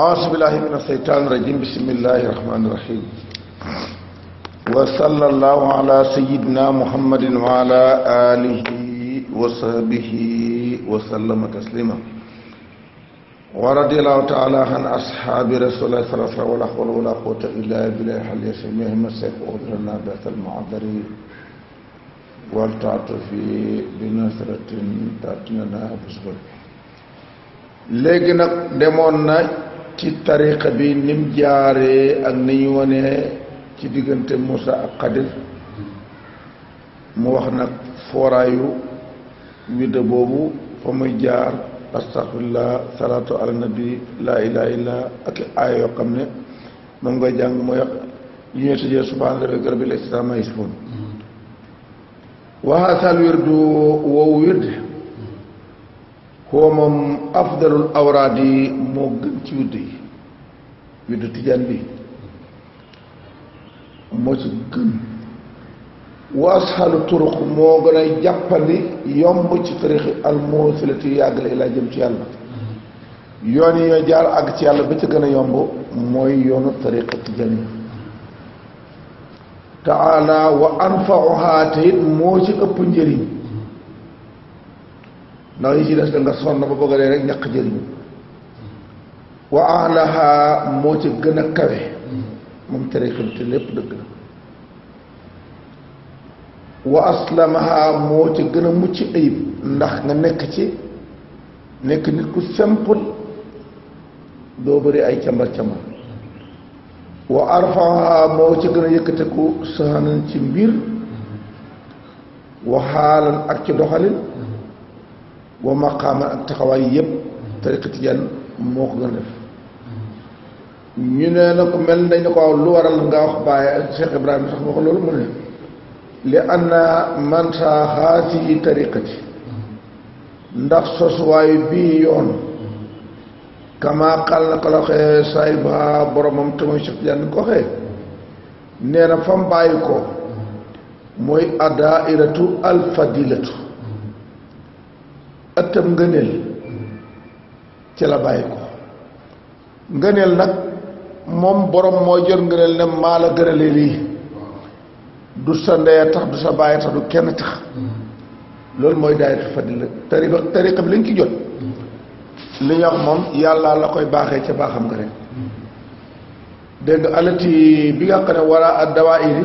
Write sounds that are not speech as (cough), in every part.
أعوذ بالله من الشيطان الرجيم بسم الله الرحمن الرحيم وصلى الله على سيدنا محمد وعلى آله وصحبه وسلم تسليما ورضي الله تعالى عن أصحاب رسول الله صلى الله عليه وسلم ولا حول ولا قوة إلا بالله حل يسميه السيف أغفرنا بأس المعذر والتعطفي بنصرة تأتينا بصبر لكن دمونا ci tariqa bi nim jaaree ak ni ñu wane ci diggante Moussa ak Xadir mu wax nag fooraayu widda boobu fa muy jaar astaghfirullah salaatu ala nabi laa ilaha illa ak aaya yoo xam ne moom ngay jàng mooy yu ñu tëjee subhaana rabbika rabbil izzati ammaa yasifuun waxaa sal wirdu woowu wird huwa moom afdalul awraad yi moo gën ci widd yi widd tijaan bi moo ci gën waasxalu turuq moo gën a jàppandi yomb ci tariqi almuusilati yàggale ilaa jëm ci yàlla yoon yi ñoo jaar àgg ci yàlla ba ci gën a yomb mooy yoonu tariqa tijaan yi taala wa anfauha te it moo ci ëpp njëriñ ndax yi ci des da nga sonn ba bëgg a dee rek ñàkk jëriñu wa alaha moo ci gën a kawe moom tariqam te lépp dëgg la wa aslamaha moo ci gën a mucc ayib ndax nga nekk ci nekk nit ku simple doo bëri ay cambar cambar wa arfaha moo ci gën a yëkkateku sahanan ci mbir wa xaalan ak ci doxalin wa maqaama ak taxawaay yëpp tariqa tijaan moo ko gën def ñu ne na ko mel dañ ko waaw lu waral nga wax Baye ak Cheikh Ibrahima sax wax loolu mu ne li anna man saa xaatiyi tariqati ndax sosuwaay bii yoon kamaa na ko la waxee saayiba boromam te mooy Cheikh Tijaan ko waxee nee na fam bàyyi ko mooy adairatu alfadilatu ëttam ngëneel ci la bàyyi ko ngëneel nag moom borom moo jël ngëneel ne maa la gënalee lii du sa ndey tax du sa bàyyi tax du kenn tax loolu mooy daayatu fadila tariqa tariqa bi li nga jot li ñu moom yàlla la koy baaxee ca baaxam nga rek dégg nga alati bi nga xam ne war dawaa iri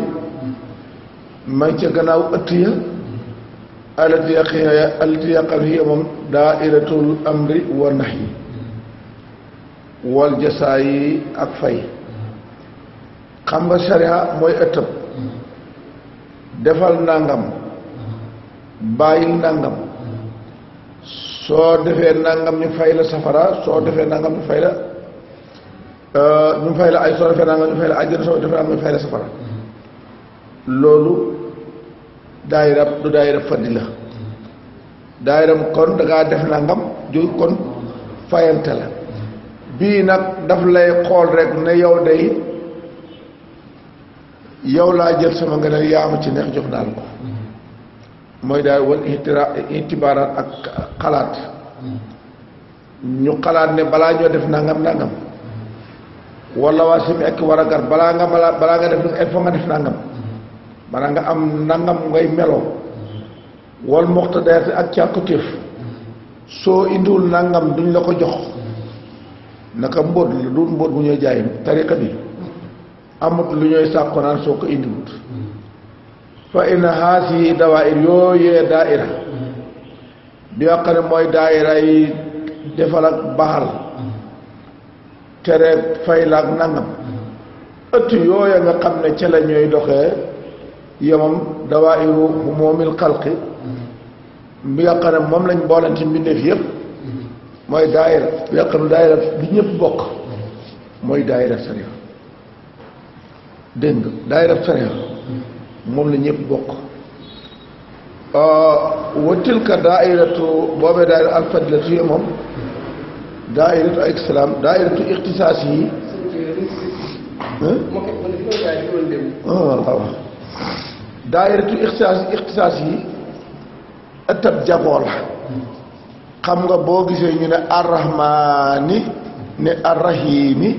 ma ca gannaaw ëtt ya alati yaqin alati yaqin hiya moom daairatul amri wa nahyi wal jasaayi ak fay xam nga sharia mooy ëttëb defal nangam bàyyil nangam soo defee nangam ñu fay la safara soo defee nangam ñu fay la euh, ñu fay la ay soo defee nangam ñu fay la àjjana soo defee nangam ñu fay la safara loolu daayira du daayira faddi la daayira kon dangaa def nangam ju kon fayante la bii nag daf lay xool rek ne yow day yow laa jël sama nga ne yaama ci neex jox daal ko mooy daal wal itibaaraat ak xalaat ñu xalaat ne balaa ñoo def nangam nangam wala waa sim ek war a gar balaa nga balaa nga def il faut nga def nangam maanaam nga am nangam ngay melo wal moxtadaati ak càkkutéef soo indiwul nangam duñ la ko jox naka mbóot la mbóot bu ñuy jaay tariqa bi amut lu ñuy sàkko naan soo ko indiwut fa inna haas yi dawaayir bi nga xam ne mooy daaira yi defal ak baaxal tere fay la ak nangam ëtt yooya nga xam ne ca la ñooy doxee yemam dawaayiru humoomil xalqi mm-hmm. bi nga xam ne moom lañ boolante mbindeef yëpp mm-hmm. mooy daayira bi nga xam ne daayira bi ñëpp bokk mm-hmm. mooy daayira sariya dégg nga daayira sariya moom la ñëpp bokk euh, wa tilka daairatu boobee daaira alfadilatu yemam daairatu al islam daairatu ixtisaas yi ah, waaw daayiratu ixtisaas ixtisaas yi ëttab jagoo la xam nga boo gisee ñu ne arrahmaani ne arrahimi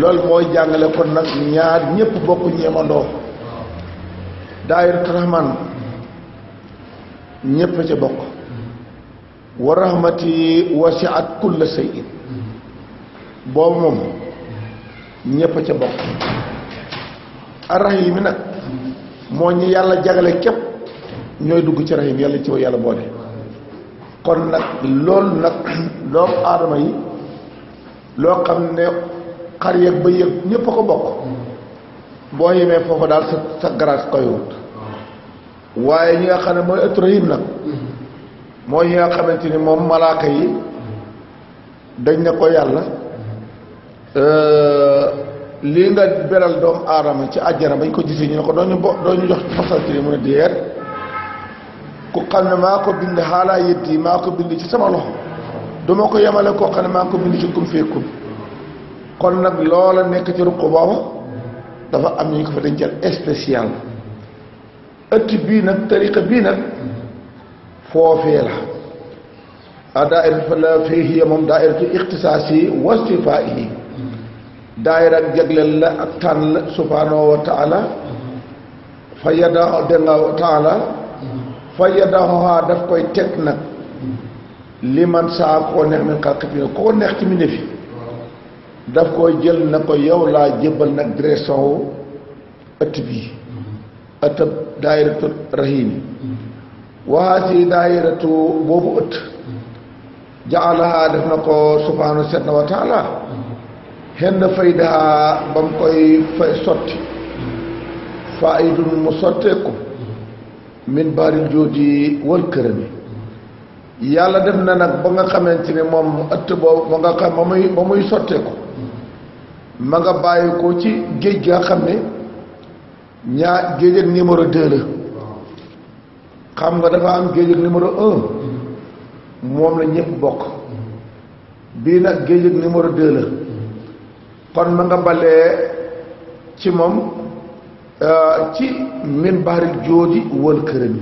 loolu mooy jàngale kon nag ñaar ñépp bokk ñeemandoo daayiratu rahman ñépp ca bokk wa rahmati wasiat kulla shay'in boobu moom ñépp ca bokk arrahimi nag moo ñu yàlla jagale képp ñooy dugg ci rahim yàlla ci wa yàlla boole kon nag loolu nag (clears throat) doomu aadama yi loo xam ne xar yëg ba yëg ñépp a ko bokk boo yemee foofa daal sa sa garaat koy wut waaye ñi nga xam ne mooy ëttu rahim nag mooy ñi nga xamante ni moom malaaka yi dañ ne ko yàlla euh, li nga beral doomu aadama ci àjjana bañ ko gisee ñu ne ko doo ñu bo doo ñu jox fasal ci mu ne déet ku xam ne maa ko bind xaalaa yët yi maa ko bind ci sama loxo duma ko yemale ko xam ne maa ko bind ci kum feekum kon nag loola nekk ci ruq booba dafa am ñu ko fa dencal spécial ëtt bii nag tariqa bii nag foofee la a daairatu fa la fii hiya moom daairatu ixtisaas yi wastifaa yi daayira ak jagleel la ak tànn la subhaanahu fa yadda danga daf koy teg nag li man saa koo neex min xalqi fi koo neex ci mu ne fi daf koy jël na ko yow laa jëbbal nag direction wu ëtt bi ëttab daayiratu rahimi waxaa daayiratu boobu ëtt jaalaha def na ko subhaanahu set na wa xen fay daa ba mu koy fay sotti faa mu sotteeku min baari jóodi wal kërami yàlla dem na nag ba nga xamante ne moom ëtt boobu ba nga xam ba muy ba muy sotteeku ma nga bàyyi ko ci géej gaa xam ne ñaa géej ak numéro deux la xam nga dafa am géej ak numéro un moom la ñëpp bokk bii nag géej ak numéro deux la kon ma nga mbalee ci moom euh, ci min baaril jóodi wal këram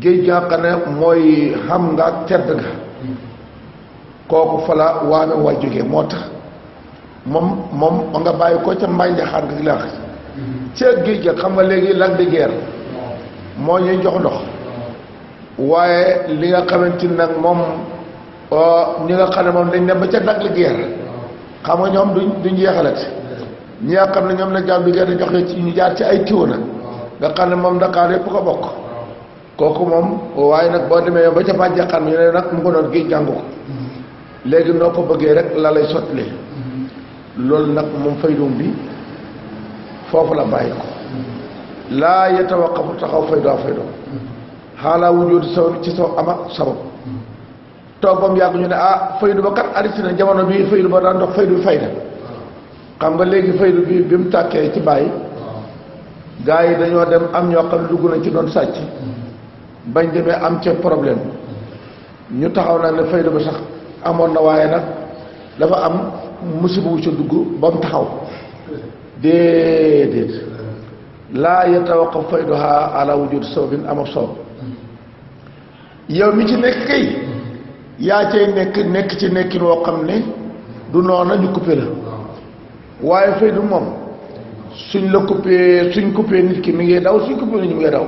géej gi xam ne mooy xam nga tedd nga kooku fala waame waa jógee moo tax moom moom ma nga bàyyi ko ca mbànja xaar nga laax ca géej ga xam nga léegi Lac de Guiers moo ñuy jox ndox waaye li nga xamante nag moom euh, ñi nga xam ne moom dañ ne ba ca Lac de Guiers xam nga ñoom duñ duñ yeexalati ñi nga xam ne ñoom la jàmm bi gën a joxe ci ñu jaar ci ay tiwo na nga xam ne moom Dakar yëpp ko bokk kooku moom waaye nag boo demee ba ca fàjj xam ñu ne nag mu ko doon gi jàng ko léegi noo ko bëggee rek laa lay sottile loolu nag moom faydum bi foofu la bàyyi ko laa yetawaqafu taxaw faydo a faydo xaalaa wujudi saw ci saw ama sabab toog ba mu yàgg ñu ne ah faydu ba kat arrêté jamono bii faydu ba daan dox faydu fay na xam nga léegi faydu bi bi mu tàkkee ci bàyyi gars yi dañoo dem am ñoo xam dugg nañ ci doon sàcc bañ demee am ca problème ñu taxaw nag ne faydu ba sax amoon na waaye nag dafa am musiba wu ca dugg ba mu taxaw déedéet laa yatawaqaf fayduha ala wujud sababin am ab sabab yow mi ci nekk kay yaa cay nekk nekk ci nekkin woo xam ne du noona ñu coupé la waaye fay du moom suñ la coupé suñ coupé nit ki mi ngi daw suñ coupé nit ñi mi ngi daw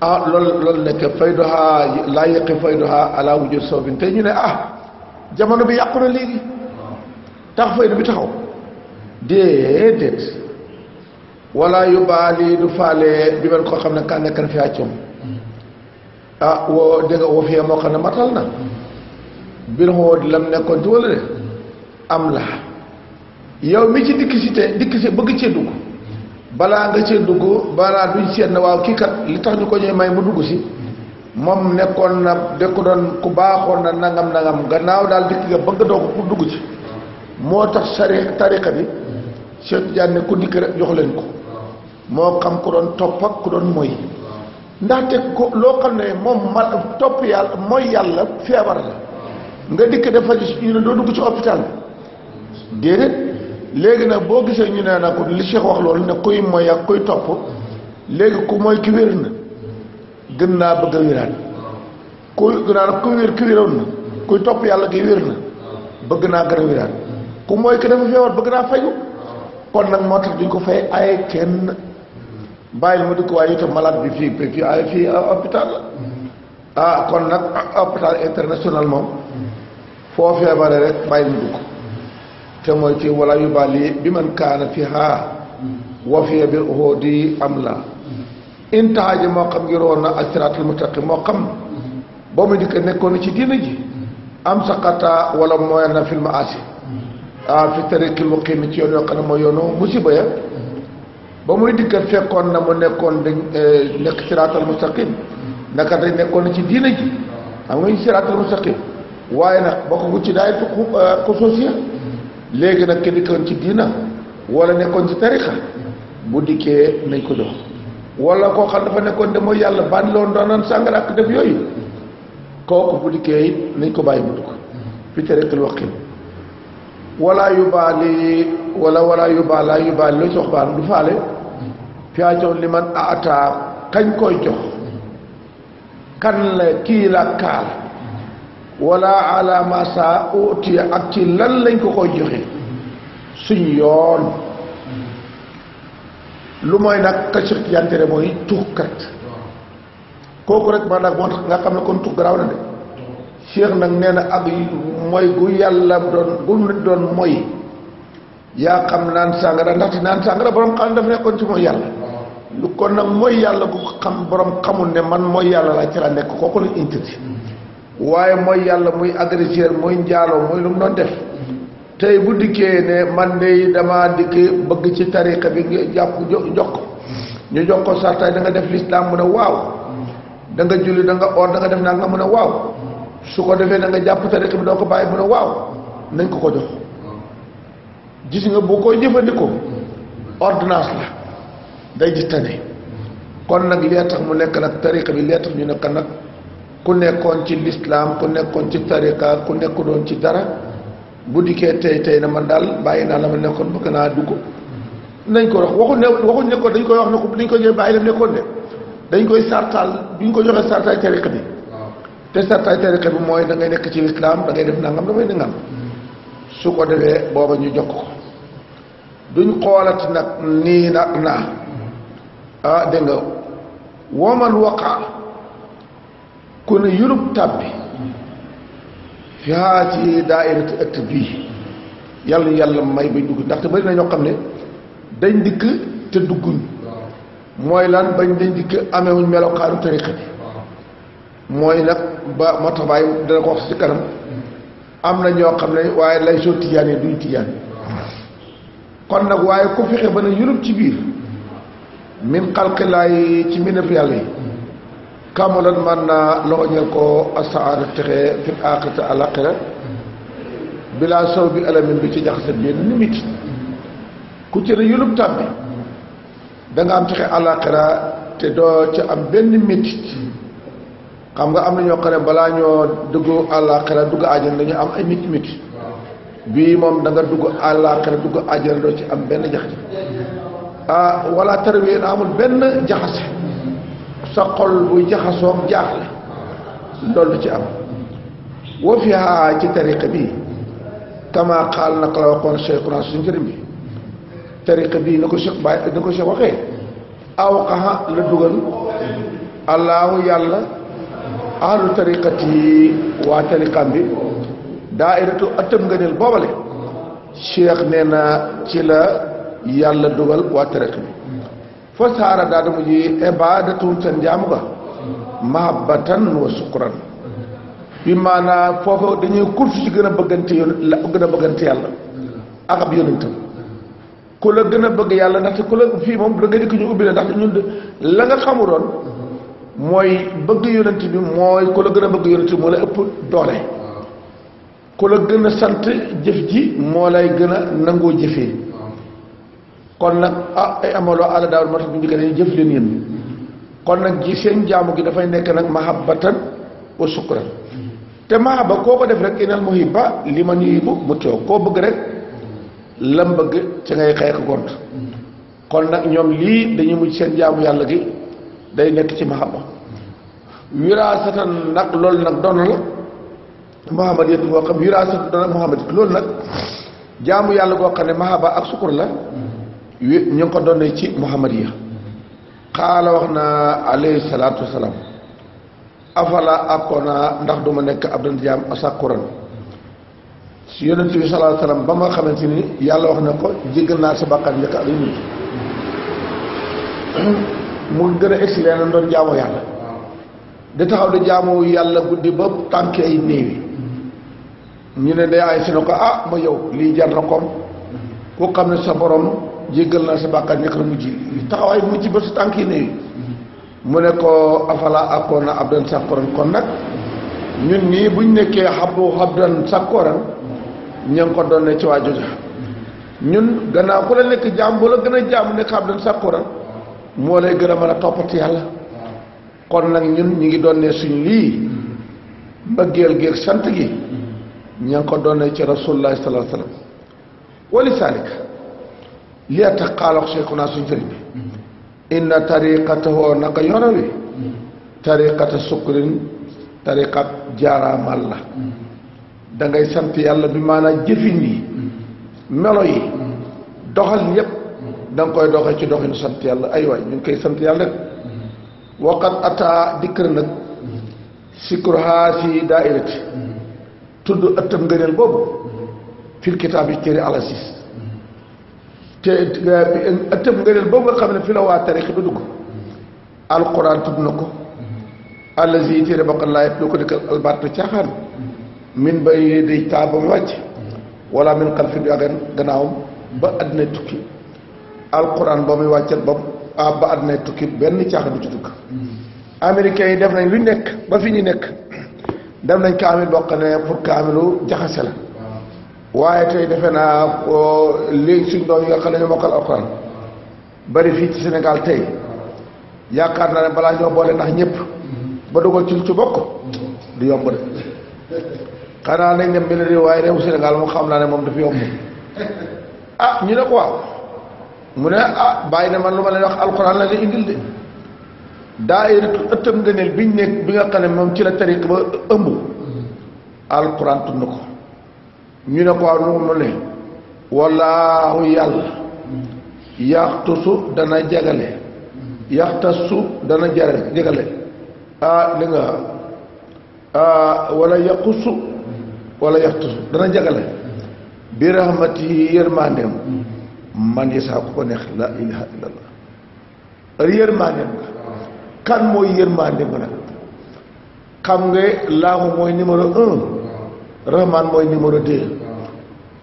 ah loolu loolu nekk fayduhaa laa yaqi fayduhaa ala wujud sawbin te ñu ne ah jamono bi yàqu na léegi tax faydu bi taxaw déedéet wala yu baali du faale bi man koo xam ne kan nekk fi àccoom ah woo dégg nga woo fiyee moo xam ne matal na bi xoo lam nekkoon ci wala de am la yow mi ci dikk si te dikk si bëgg cee dugg balaa nga cee dugg balaa duñ seet na waaw kii kat li tax ñu ko ñuy may mu dugg si moom nekkoon na de ku doon ku baaxoon na nangam nangam gannaaw daal dikk nga bëgg doo ko pour dugg ci moo tax sari tariqa bi Cheikh Tidiane ku dikk rek jox leen ko moo xam ku doon topp ku doon moy ndaxte ko loo xam ne moom mal topp yàlla mooy yàlla feebar la nga dikk dafa ñu ne doo dugg ci hôpital bi déedéet léegi nag boo gisee ñu ne nag li Cheikh wax loolu ne kuy mooy ak kuy topp léegi ku mooy ki wér na gën naa bëgg a wéraat ku gën naa ku wér ki wéroon na kuy topp yàlla gi wér na bëgg naa gën a wéraat ku mooy ki dafa feebar bëgg naa fayu kon nag moo tax duñ ko fay ay kenn bàyyil mu dëkkuwaay yi te malade bi fii fii fii fii hôpital la ah kon nag hôpital international moom foo feebare rek bàyyil mu dugg te mooy ci wala yu bali bi man kaana fi haa wa fiya bi uhuudi am la intaha ji moo xam ngir woon na asiraatul mustaqim moo xam ba mu dikk nekkoon ci diina ji am saqata wala mooy na film asi ah fi tariqil muqim ci yoon yoo xam ne mooy yoonu musiba ya ba muy dikk fekkoon na mu nekkoon dañ eh, nekk siraatal mustaqim naka dañ nekkoon na ci diina ji xam nga ñu siraatal mustaqim waaye nag ba ko ci daay ko eh, sosiya léegi nag ke dikkoon ci diina wala nekkoon ci tarixa bu dikkee nañ ko dox wala koo xam dafa nekkoon de mooy yàlla ban loon doonoon sàngara ak def yooyu kooku bu dikkee it nañ ko bàyyi mu dugg fi tariqil waqim wala yu baali wala wala yu baal laa yu baali looy sox baan fi ajox li man ataa kañ koy jox kan la kii la kaal wala alama sa utiya ak ci lan lañ ko koy joxe suñ yoon lu mooy nag ka ci yantere mooy tuxkat kooku rek man nag moo nga xam ne kon tux garaaw na de Cheikh nag nee na ak mooy gu yàlla doon gu doon mooy yaa xam naan sàngara ndaxte naan sàngara borom xam daf nekkoon ci mooy yàlla lu kon nag mooy yàlla bu xam boroom xamul ne man mooy yàlla laa ci la nekk kooku la interdit waaye mooy yàlla muy agresseur muy njaaloo muy lu mu doon def tey bu dikkee ne man de damaa dikk bëgg ci tariqa bi jàpp jox ko ñu jox ko sartay da nga def lislaam mu ne waaw da nga julli da nga danga da nga def naa nga mu ne waaw su ko defee da nga jàpp tariqa bi doo ko bàyyi mu ne waaw nañ ko ko jox gis nga bu koy jëfandikoo ordonnance la day gis tane kon nag lee mu nekk nag tariqa bi lee tax ñu nekk nag ku nekkoon ci lislaam ku nekkoon ci tariqa ku nekku doon ci dara bu dikkee tey tey na man daal bàyyi naa la ma nekkoon bëgg naa dugg nañ ko wax waxu ne waxuñ nekkoon dañ koy wax ne ko dañ koy joxe bàyyi lam nekkoon de dañ koy sartaal duñ ko joxee sartaay tariqa bi te bi mooy da ngay nekk ci lislaam da ngay def nangam damay nangam su ko defee booba ñu jox ko duñ xoolat nag nii nag naa ah dégg nga waman waqa ku ne yurub tàbbi fi ci daairati ëtt bii yàlla yàlla may bañ dugg ndaxte bari na ñoo xam ne dañ dikk te dugguñ mooy lan ba dañ dikk amewuñ melokaanu tariqa bi mooy nag ba moo tax baay dana ko wax ci kanam am na ñoo xam ne waaye lay soo tijaanee duñ tijaan kon nag waaye ku fexe ba ne yurub ci biir min xalqilaay ci mbindéef yàlla yi kaamulan man naa loxo ñeel ko asaada texe fi aaxirati alaaxira bilaa sow bi alamin bi ci jaxase benn nit ku ci ne yulub tàmbi da nga am texe alaaxira te doo ca am benn métit xam nga am na ñoo xam ne balaa ñoo dugg àllaaxira dugg àjjana dañu am ay métit métit bii moom da nga dugg àllaaxira dugg àjjana doo ci am benn jaxase Ah, wala tarwiya na amul benn jaxase sa xol buy jaxasoog jaaxle loolu ci am wa fiha ci tariqa bi kama xaal nag la waxoon cheikhuna suñu njëriñ bi tariqa bii na ko cheikh baay na ko cheikh waxee aw xaxa la dugal allahu yàlla ahlu tariqati waa tariqam bi daairatu ëttëm ngëneel boobale cheikh nee na ci la yàlla dugal waa tariq bi fo saara daa dama ji ibaadatu seen jaamu ga mahabbatan wa sukran bi maanaam foofu dañuy kursu ci gën a bëggante yoon la gën a bëggante yàlla ak ab yonentam ku la gën a bëgg yàlla ndaxte ku la fii moom da nga dikk ñu ubbi la ndaxte ñun mooy bëgg yonent bi mooy ku gën a bëgg yonent bi moo la ëpp doole ku la gën a sant jëf ji moo lay gën a nangoo jëfee kon nag ah ay amaloo àlla moo tax bu njëkk dañuy jëf leen yéen kon nag ci seen jaamu gi dafay nekk nag mahabbatan wa sukran te mahaba koo ko def rek inal muhibba li ma yuhibu mu teew koo bëgg rek lam bëgg ci ngay xëy ak gont kon nag ñoom lii dañuy mujj seen jaamu yàlla gi day nekk ci mahaba wiraasatan nag loolu nag doon la muhammad yëpp boo xam wiraasatan doon la loolu nag jaamu yàlla goo xam ne mahaba ak sukur la ñu ngi ko doon ci muhammadiya xaala wax na alayhi salaatu wasalaam afala akkoona ndax duma nekk abdan jaam asakuran si yonent bi salaatu wasalaam ba ma xamante ni yàlla wax na ko jéggal naa sa bàkkaar njëkk ak mu gën a egsi leen doon jaamoo ñu ne day ay si ne ko ah ma yow lii jar na koom ku xam ne sa borom jéggal naa sa bàkkaar ñekk na mujj taxawaay mujj ba su tànk yi néew mu ne ko afala akoona abdan sakkooran kon nag ñun nii buñ nekkee xabu abdan sakkooran ña ko doon ne ci waa joja ñun gannaaw ku la nekk jaam bu la gën a jaam nekk abdan sakkooran moo lay gën a mën a toppati yàlla kon nag ñun ñu ngi doon ne suñ lii mbëggeel gi ak sant gi ña ko doon ne ci rasulullah sallallahu alayhi wa sallam li tax xaalox cheikhuna suñ sëriñ bi inna tariqatahoo naka yoonam wi tariqata sukrin tariqat jaaraamal la da ngay yàlla bi maanaam jëfin yi melo yi doxal yépp da koy doxee ci doxinu sant yàlla ay waay ñu ngi koy sant yàlla rek waqat ata dikkër nag sikruha fi daairati tudd ëttam ngëneel boobu fil kitaab yi cëri alasis te ëttëb ngëneel boobu nga xam ne fi la waa tariq bi dugg alquran tudd na ko allazi téere ba ko laayef loo ko dëkkal albaatu caaxaan min ba yee day taabam wàcc wala min xalfi du agan gannaawam ba àddina tukki alquran ba muy wàccat bopp ah ba àddina tukki benn caaxaan du ci dugg américains yi def nañ lu nekk ba fi ñu nekk def nañ kaamil boo xam pour kaamilu jaxase waaye tey defe naa oh, léegi suñ doom yi nga xam ñu mokkal alxuraan bari fii ci Sénégal tey yaakaar naa ne balaa ñoo boole ndax ñëpp ba dugal ci ci bokk du yomb de xanaa nañ dem benn réew waaye réewu Sénégal moom xam naa ne moom dafa yomb ah, ñu ne ko ne ah bàyyi ne man lu ma leen wax alxuraan la leen indil de daayiratu moom ci la tariq ko ñu ne ko nu mu ne wallaahu yàlla yaxtusu dana jagale yaxtasu dana jare jagale ah li ah wala yaqusu wala yaxtusu dana jagale bi yi yërmandeem man yasaa ku ko neex la ilaha illallah yërmandeem nga kan mooy yërmandeem nag xam nga laahu mooy numéro un rahmaan mooy numéro deux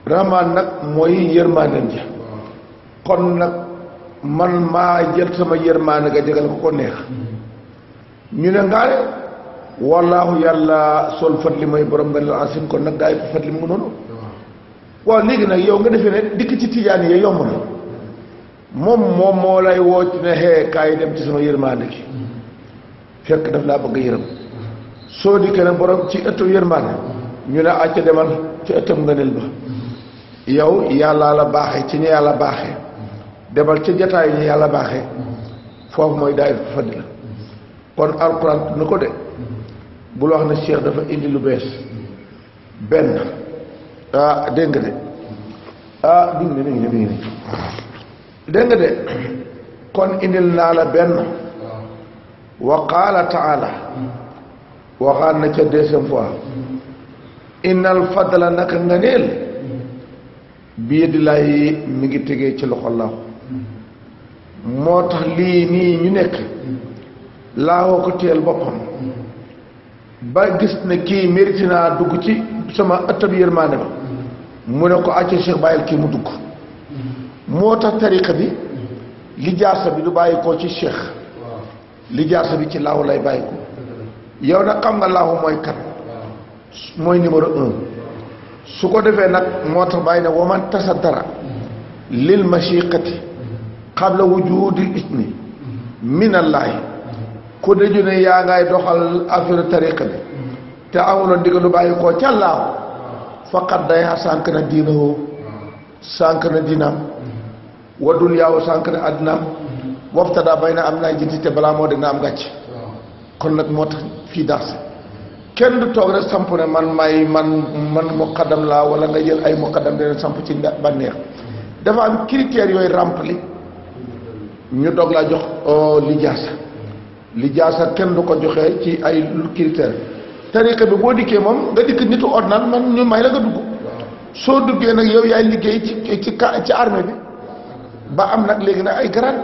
rahmaan nag mooy yërmaaneem ja kon nag man maa jël sama yërmaane nga jagal ko ko neex ñu ne ngaare wallaahu yàlla sol fadli mooy borom benn asim kon nag gaa yi ko fadli mu noonu waaw léegi nag yow nga defee ne dikk ci tijaan yi yomb na moom moom moo lay woo ci ne xee kaay dem ci sama yërmaande gi fekk daf laa bëgg yërëm soo dikkee nag borom ci ëttu yërmaande ñu ne acca demal ci ëttam ngëneel ba yow yàllaa la baaxe ci ñu yàlla baaxe demal ci jataay ñu yàlla baaxe foofu mooy daay fa fadila kon alxuraan na ko de bul wax ne Cheikh dafa indi lu bees benn ah dégg de ah dégg de kon indil naa la benn wa qaala taala waxaan na ca deuxième innal fadla na nga neel bi yadillahi mi ngi tegee ci loxo laaw moo tax lii nii ñu nekk laawoo ko teel boppam ba gis ne kii mérite naa dugg ci sama ëttab yërmaane ba mu ne ko acca Cheikh bàyyil kii mu dugg moo tax tariqa bi li jaarsa bi du bàyyikoo ci Cheikh li jaarsa bi ci laaw lay bàyyi yow na xam nga laaw mooy kat mooy numéro un su ko defee nag moo tax bàyyi ne waman tasa dara lil mashiqati qabla wujudil ismi minallaahi ku daju ne yaa ngay doxal affaire tariqa bi te amuloon diggalu bàyyi koo càllaaw faqat day xar sànq na diinawoo sànq na diinaam wadul yaaw sànq na addinaam waftadaa bay na am naa jiti te balaa moo dina am gàcc kon nag moo tax fii darse kenn du toog rek samp ne man may man man muqaddam la wala nga jël ay muqaddam dina samp ci bànneex dafa am critères yooyu rempli ñu doog laa jox oh, lijaasa lijaasa kenn du ko joxee ci ay critères tariqa bi boo dikkee moom nga dikk nitu ordonnance man ñu may la nga dugg soo duggee nag yow yaay liggéey ci ci ci armée bi ba am nag léegi nag ay garaat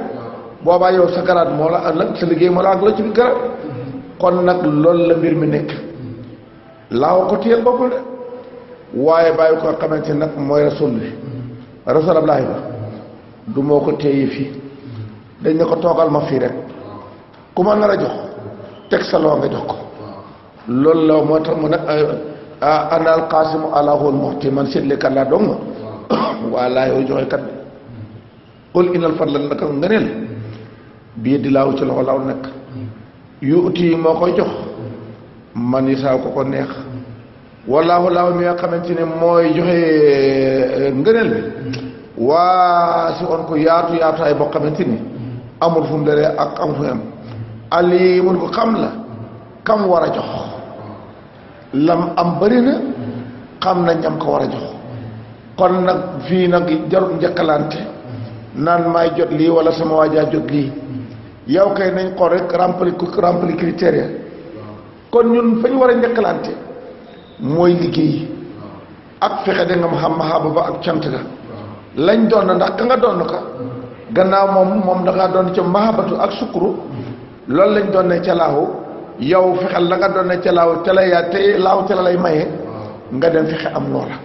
boobaa yow sa garaat moo la ëllëg sa liggéey moo la ak la ci garaat kon nag loolu la mbir mi nekk laaw ko téyel boppul de waaye bàyyi ko xamante nag mooy rasul bi rasul Ablaay ba du moo ko téye fii dañ ne ko toogal ma fii rek ku ma nar a jox teg sa loo nga jox ko loolu la moo tax mu ne ana alqaasimu alaahu almuxti man seetlekat laa dong waa laa yow joxe kat qul innal fadla naka ngëneel bii di laaw ci loxo laaw nekk yuuti moo koy jox man yi saa ko ko neex wallaahu laahu mi nga xamante ne mooy joxe euh, ngëneel waa si on ko yaatu yaatuwaay boo xamante ni amul fu mu ak amul fu mu am alimun ko xam la kam war a jox lam am bëri na xam na ñam ko war a jox kon nag fii nag jarul njëkkalante naan maay jot lii wala sama waajaa jot lii yow kay nañ ko rek rempli rempli critères kon ñun fa war a njëkkalante mooy liggéey ak fexe da nga xam mahaba ba ak cant ga lañ doon ndax ka nga doon ko gannaaw moom moom da ngaa doon ca mahabatu ak sukuru loolu lañ doon ne ca laaw yow fexel la nga doon ne ca laaw te la yaa te laaw te la lay maye nga dem fexe am loola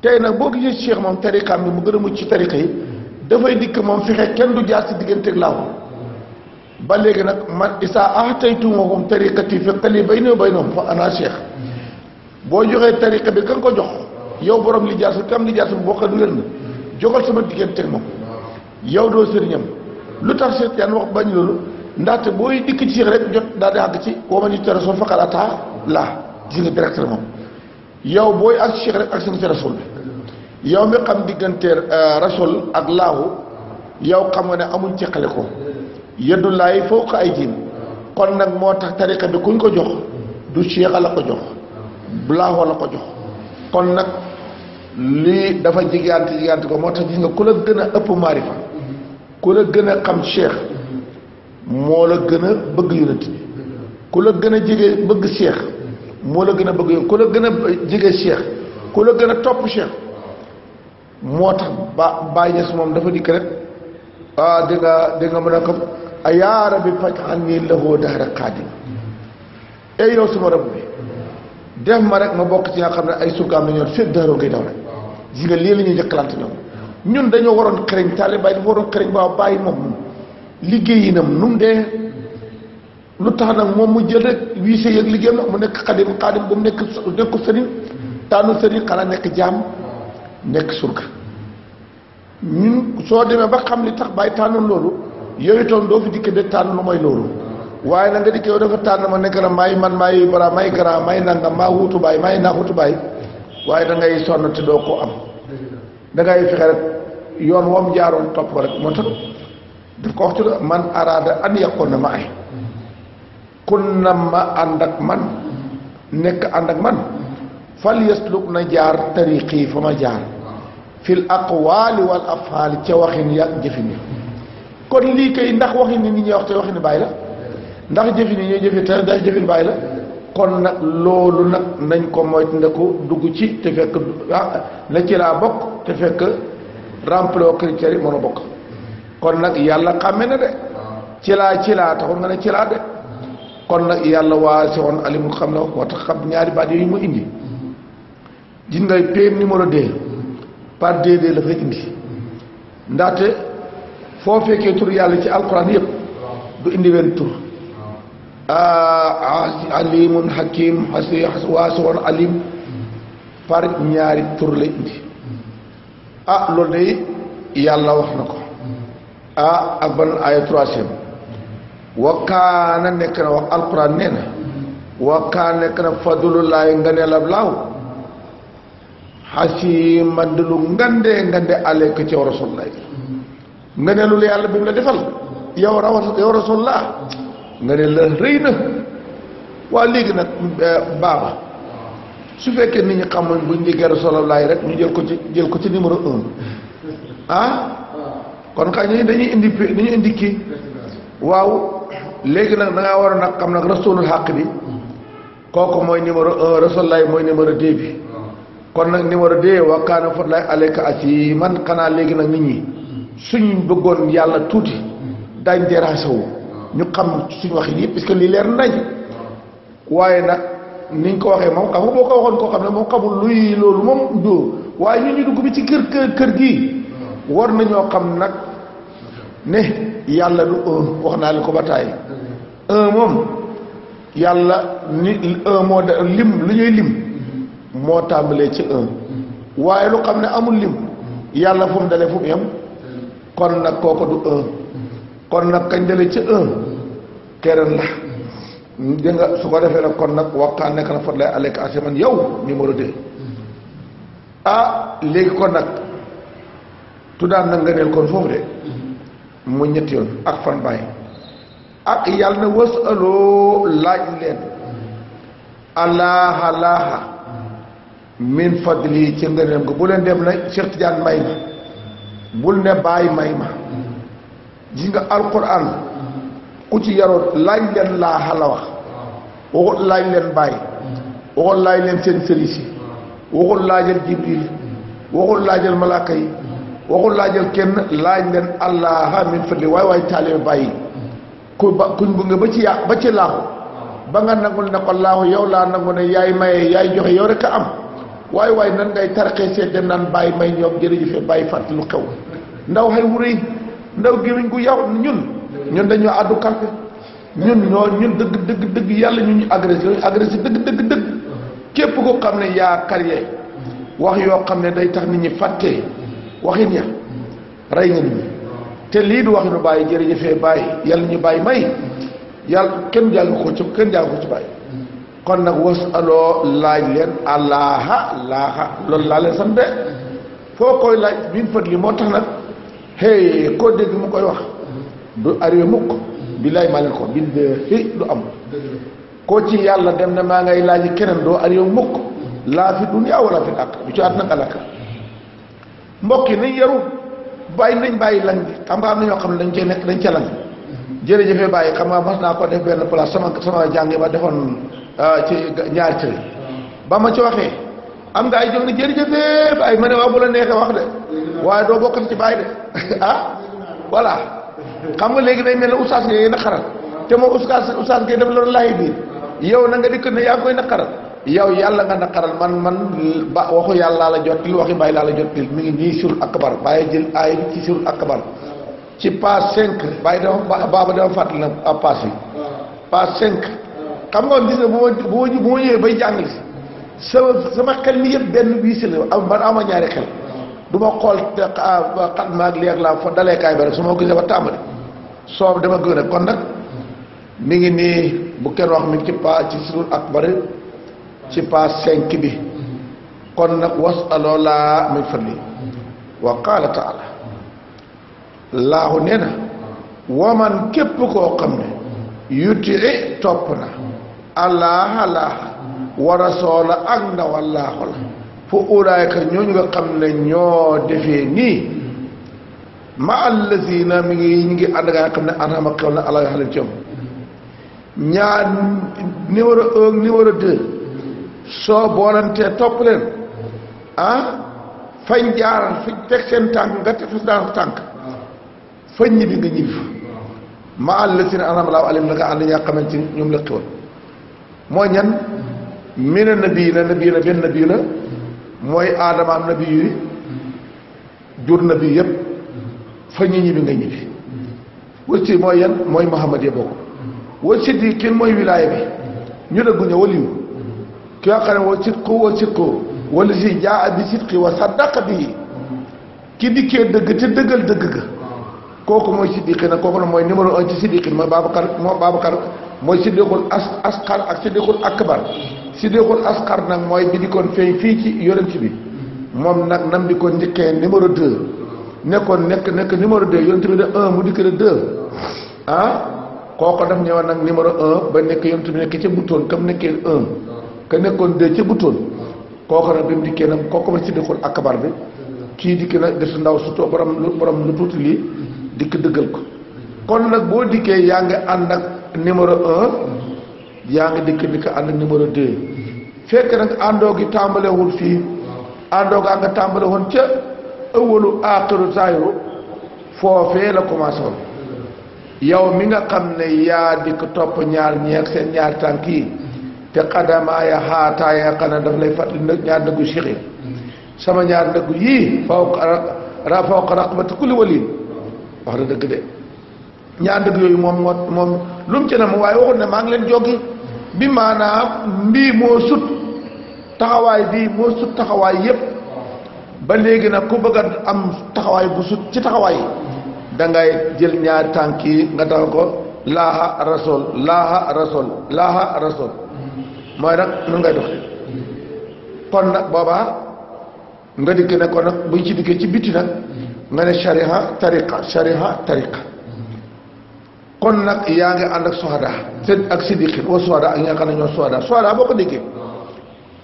tey nag boo gisee Cheikh moom tariqaam bi mu gën a mucc ci tariqa yi dafay dikk moom fexe kenn du jaar si digganteeg laaw ba léegi nag man isaa ahtaytumahum tariqati fi qali bayni bay baynahum fa ana cheikh boo joxee tariqa bi kan ko jox yow boroom li jaar sa kam li jaar sa bokk ak lënd jogal sama diggante teg ma ko yow doo sëriñam lu tax seet yaan wax bañ loolu ndaxte booy dikk ci rek jot daal di àgg ci wa man yuti'i-r-rasuula faqad ataa Allaah gis nga directement yow booy ak Cheikh rek ak seen ci rasul bi yow mi xam diggante euh, rasul ak laahu yow xam nga ne amuñ ceqale ko yaddullaahi fawqa aydiihim kon nag moo tax tariqa bi kuñ ko jox du cheikh la ko jox blaaho la ko jox kon nag lii dafa jigante jigante ko moo tax gis nga ku la gën a ëpp maarifa ku gën a xam cheikh moo gën a bëgg yonent bi ku la gën a jege bëgg seex moo la gën a bëgg ku la gën a jege cheikh ku la gën a topp cheikh moo tax ba bàyyi ñes moom dafa dikk rek ah di mën a ko يا رب فاجعلني له دهر قادم اي لو سما رب def ma rek ma bokk ci nga xam ne ay surgaam nañoon fépp daaroo ngay daw rek gis nga lii la ñuy jëkkalante ñoom ñun dañoo waroon xereñ taalibaay dafa waroon xereñ baa bàyyi moom liggéeyinam nu mu dee lu tax nag moom mu jël rek wii sa yëg liggéeyam nag mu nekk xadim xadim bu mu nekk nekku sëriñ taanu sëriñ xanaa nekk jaam nekk surga ñun soo demee ba xam li tax bàyyi taanoon loolu yow itam doo fi dikk de tànn lu mooy loolu waaye na nga dikkee dafa tànn ma nekk la may man may bara may grand may nangam maa wuutu baay may naa wuutu baay waaye da ngay sonn te doo ko am dangay fexe rek yoon woom jaaroon topp rek moo tax daf ko waxtu la man araada an yàqoon na ma ay kun na ma ànd ak man nekk ànd ak man fal yasluk na jaar tariqi fa ma jaar fil aqwaali wal afaali ca waxin ya jëfin kon lii kay ndax waxi ni nit ñi wax te waxi ni bàyyi la ndax jëfi yi ñuy jëfi te ndax jëfin baay la kon nag loolu nag nañ ko moytandiku dugg ci te fekk ah, na ci laa bokk te fekk remplir au yi mën a bokk kon nag yàlla xàmme na de ci laa ci laa taxul nga ne ci laa de kon nag yàlla waa si woon alimu xam na moo tax xam ñaari baat yi mu indi gis nga PM numéro deux par deux la fay indi ndaxte foo fekkee tur yàlla ci alquran yëpp du indi wenn tur ah, ah, alimun hakim asi waasiwoon alim par ñaari tur la indi ah loolu day yàlla wax na ko ah ak aaya troisième wa kaana nekk na wax alquran nee na wa kaana nekk na fadlulaay nga ne lab laaw xasi mandulu ngande ngande aleyka ci rasulullah nga ne lu la yàlla bu mu la defal yow rawa yow rasulullah nga ne la rëy na waa léegi nag eh, baaba su fekkee nit ñi xamoon bu ñu déggee rasulullah rek ñu jël ko ci jël ko ci numéro un ah kon xay ñu dañuy indi dañuy indi kii waaw léegi nag da war a nag xam nag rasulul xàq bi kooku mooy numéro un rasulullah mooy numéro deux bi kon nag numéro deux wa kaana fadlay alayka asiman xanaa léegi nag nit ñi suñ bëggoon yàlla tuuti daañ déranger wu ñu xam suñ wax yi parce que lii leer nañ waaye nag niñ ko waxee moom xam nga boo ko waxoon koo xam ne moom xamul luy loolu moom du waaye ñu ñu dugg bi ci kër kër gi gii war nañoo xam nag ne yàlla du un wax naa leen ko ba taay un moom yàlla ni un moo da lim lu ñuy lim moo tàmbalee ci un waaye lu xam ne amul lim yàlla fu mu dalee fu kon nag kooko du kon nag kañ dalee ci un keneen la dégg su ko defee nag kon nag waxtaan nekk na fot lay alek asaman yow numéro deux ah léegi kon nag tuddaan na nga neel kon foofu de mu ñetti yoon ak fan bàyyi ak yàlla na wës aloo laaj leen alaaha laaha min fadli ci ngëneem bu leen dem na Cheikh Tidiane may bi bul ne bàyyi may ma gis nga alquran ku ci yaroot laaj leen laa xala wax waxut laaj leen bàyyi waxut laañ leen seen sëriñ si waxut laajal jibril waxut laajal malaaka yi waxul laajal kenn laaj leen allah min fadli waay waay taalibe bàyyi ku ba kuñ bu nga ba ci yaa ba ci laaxu ba nga nangul ne ko laaxu yow laa nangu ne yaay maye yaay joxe yow rek a am waaye waaye nan ngay tarxee seet dem naan bàyyi may ñoom jërëjëfe bàyyi fàtte lu xew ndaw xel wu rëy ndaw gémmiñ gu yaw ñun ñun dañoo àddu kalpe ñun ñoo ñun dëgg dëgg dëgg yàlla ñu ñu agressé ñu agressé dëgg dëgg dëgg képp ko xam ne yaa karye wax yoo xam ne day tax nit ñi fàttee waxin ya rey nga nit ñi te lii du waxinu bàyyi jërëjëfee bàyyi yàlla ñu bàyyi may yàlla kenn jàng ko ci kenn jàng ko ci bàyyi kon nag was aloo laaj leen alaaha laaha loolu laa leen sant de foo koy laaj biin fët li moo tax nag hey koo dégg mu koy wax du arrivé mukk billaay maa leen ko bind hi du am koo ci yàlla dem na maa ngay laaj keneen doo arrivé mukk laa fi dunya wala fi àq du ci àdduna ak alaka mbokk yi nañ yaru bàyyi nañ bàyyi lang bi xam nga am na ñoo xam ne dañ cee nekk dañ cee lang jërëjëfe bàyyi xam nga mas naa ko def benn place sama sama jàngi ma defoon ah, ci ñaari tëri ba ma ci waxee am nga ay jóg ne jërëjëfee bàyyi ma ne waaw bu la neexee wax de waaye doo bokkam ci bàyyi de (laughs) ah xam nga léegi nay mel ne oustaz nga yéen a xaral te moom oustaz oustaz def loolu laay biir yow na nga dikk ne yaa ngi koy naqaral yow yàlla nga naqaral man man ba waxu yàlla la jottil waxi bàyyi laa la jottil mi ngi nii sur akbar bàyyi jël aay ci sur akbar ci page cinq bàyyi dama baaba dama fàttali na ah, page bi page cinq xam nga woon gis nga bu ma bu ma sama sama xel mi yëpp benn wii la am man ama ñaari xel du ma xool ah, xat maag lii ak laa fa dalee kaay ba su ma gisee ba tàmbali soob dama gën rek kon nag mi ngi nii bu kenn wax mi ngi ci paa ci surul akbar ci paa cinq bi kon nag wasaloo laa min fadli wa qaala taala laahu nee na waman képp koo xam ne yuti topp na allah allah wa rasoola ak ndawal laaxu la fu ulaayka ñooñ nga xam ne ñoo defee nii ma na mi ngi ñu ngi ànd nga xam ne anama xew na ala xalil ci ñaar soo boolantee topp leen ah fañ jaar fi teg seen nga ñibbi nga ñibbi fa ma allazina anama laaw alim la nga ànd ñaa xamante ni ñoom la xewal mooy ñan mina nabi na nabi na benn nabi la mooy aadama am nabi yi jur nabi yépp fa ñu ñibbi nga ñibbi wërsëg mooy yan mooy Muhammad ya bokk wërsëg yi mooy wilaaya bi ñu dëggu ña waliyu ki nga xam wa sidqu wa sidqu wala si jaa bi sidqi wa ki dikkee dëgg te dëggal dëgg kooku mooy siddiqi kooku la mooy numéro un ci siddiqi mooy Babacar mooy Babacar mooy siddiqul as asqar ak siddiqul akbar siddiqul asxar nag mooy bi di kon fii ci yonent bi moom nag nam di ko njëkkee numéro deux nekkoon nekk nekk numéro de yonent bi ne un mu dikk ne deux ah, kooko def ñëwoon nag numéro un ba nekk yonent bi nekk ca buttoon kam nekkee un ka nekkoon deux ca buttoon kooko nag bi mu dikkee nag kooku ma siddiqul akbar bi kii dikk nag def ndaw su too borom lu borom lu tuuti lii dikk dëggal ko kon nag boo dikkee yaa ngi ànd ak numéro un yaa ngi dikk dikk ànd ak numéro 2 fekk nag àndoo tàmbalewul fii àndoo gaa nga tàmbale woon ca ëwalu aaxiru zaahiru foofee la commencé woon mi nga xam ne yaa dikk topp ñaar ñeeg seen ñaar tànk yi te xadamaaya xaataaya xanaa daf lay fàttali nag ñaar ndëggu sixi sama ñaar ndëggu yii fawq ra fawq raqabati kulli waliin wax na dëgg de ñaar ndëgg yooyu moom moo moom lu ci na ma waaye waxul ne maa ngi leen joggi bi maanaa mbii moo sut taxawaay bii moo sut taxawaay yépp ba léegi nag ku bëgg a am taxawaay bu sut ci taxawaay da ngay jël ñaar tànk yi nga taxaw ko laaha rasool laaha rasool laaha rasool mooy nag nu ngay dox kon nag boobaa nga dikk ne kon nag buñ ci dikkee ci biti nag nga ne shariha tariqa shariha tariqa kon nak ya nga and ak soxada set ak sidiq wa soxada ak nga xam ñoo soxada soxada boko dikke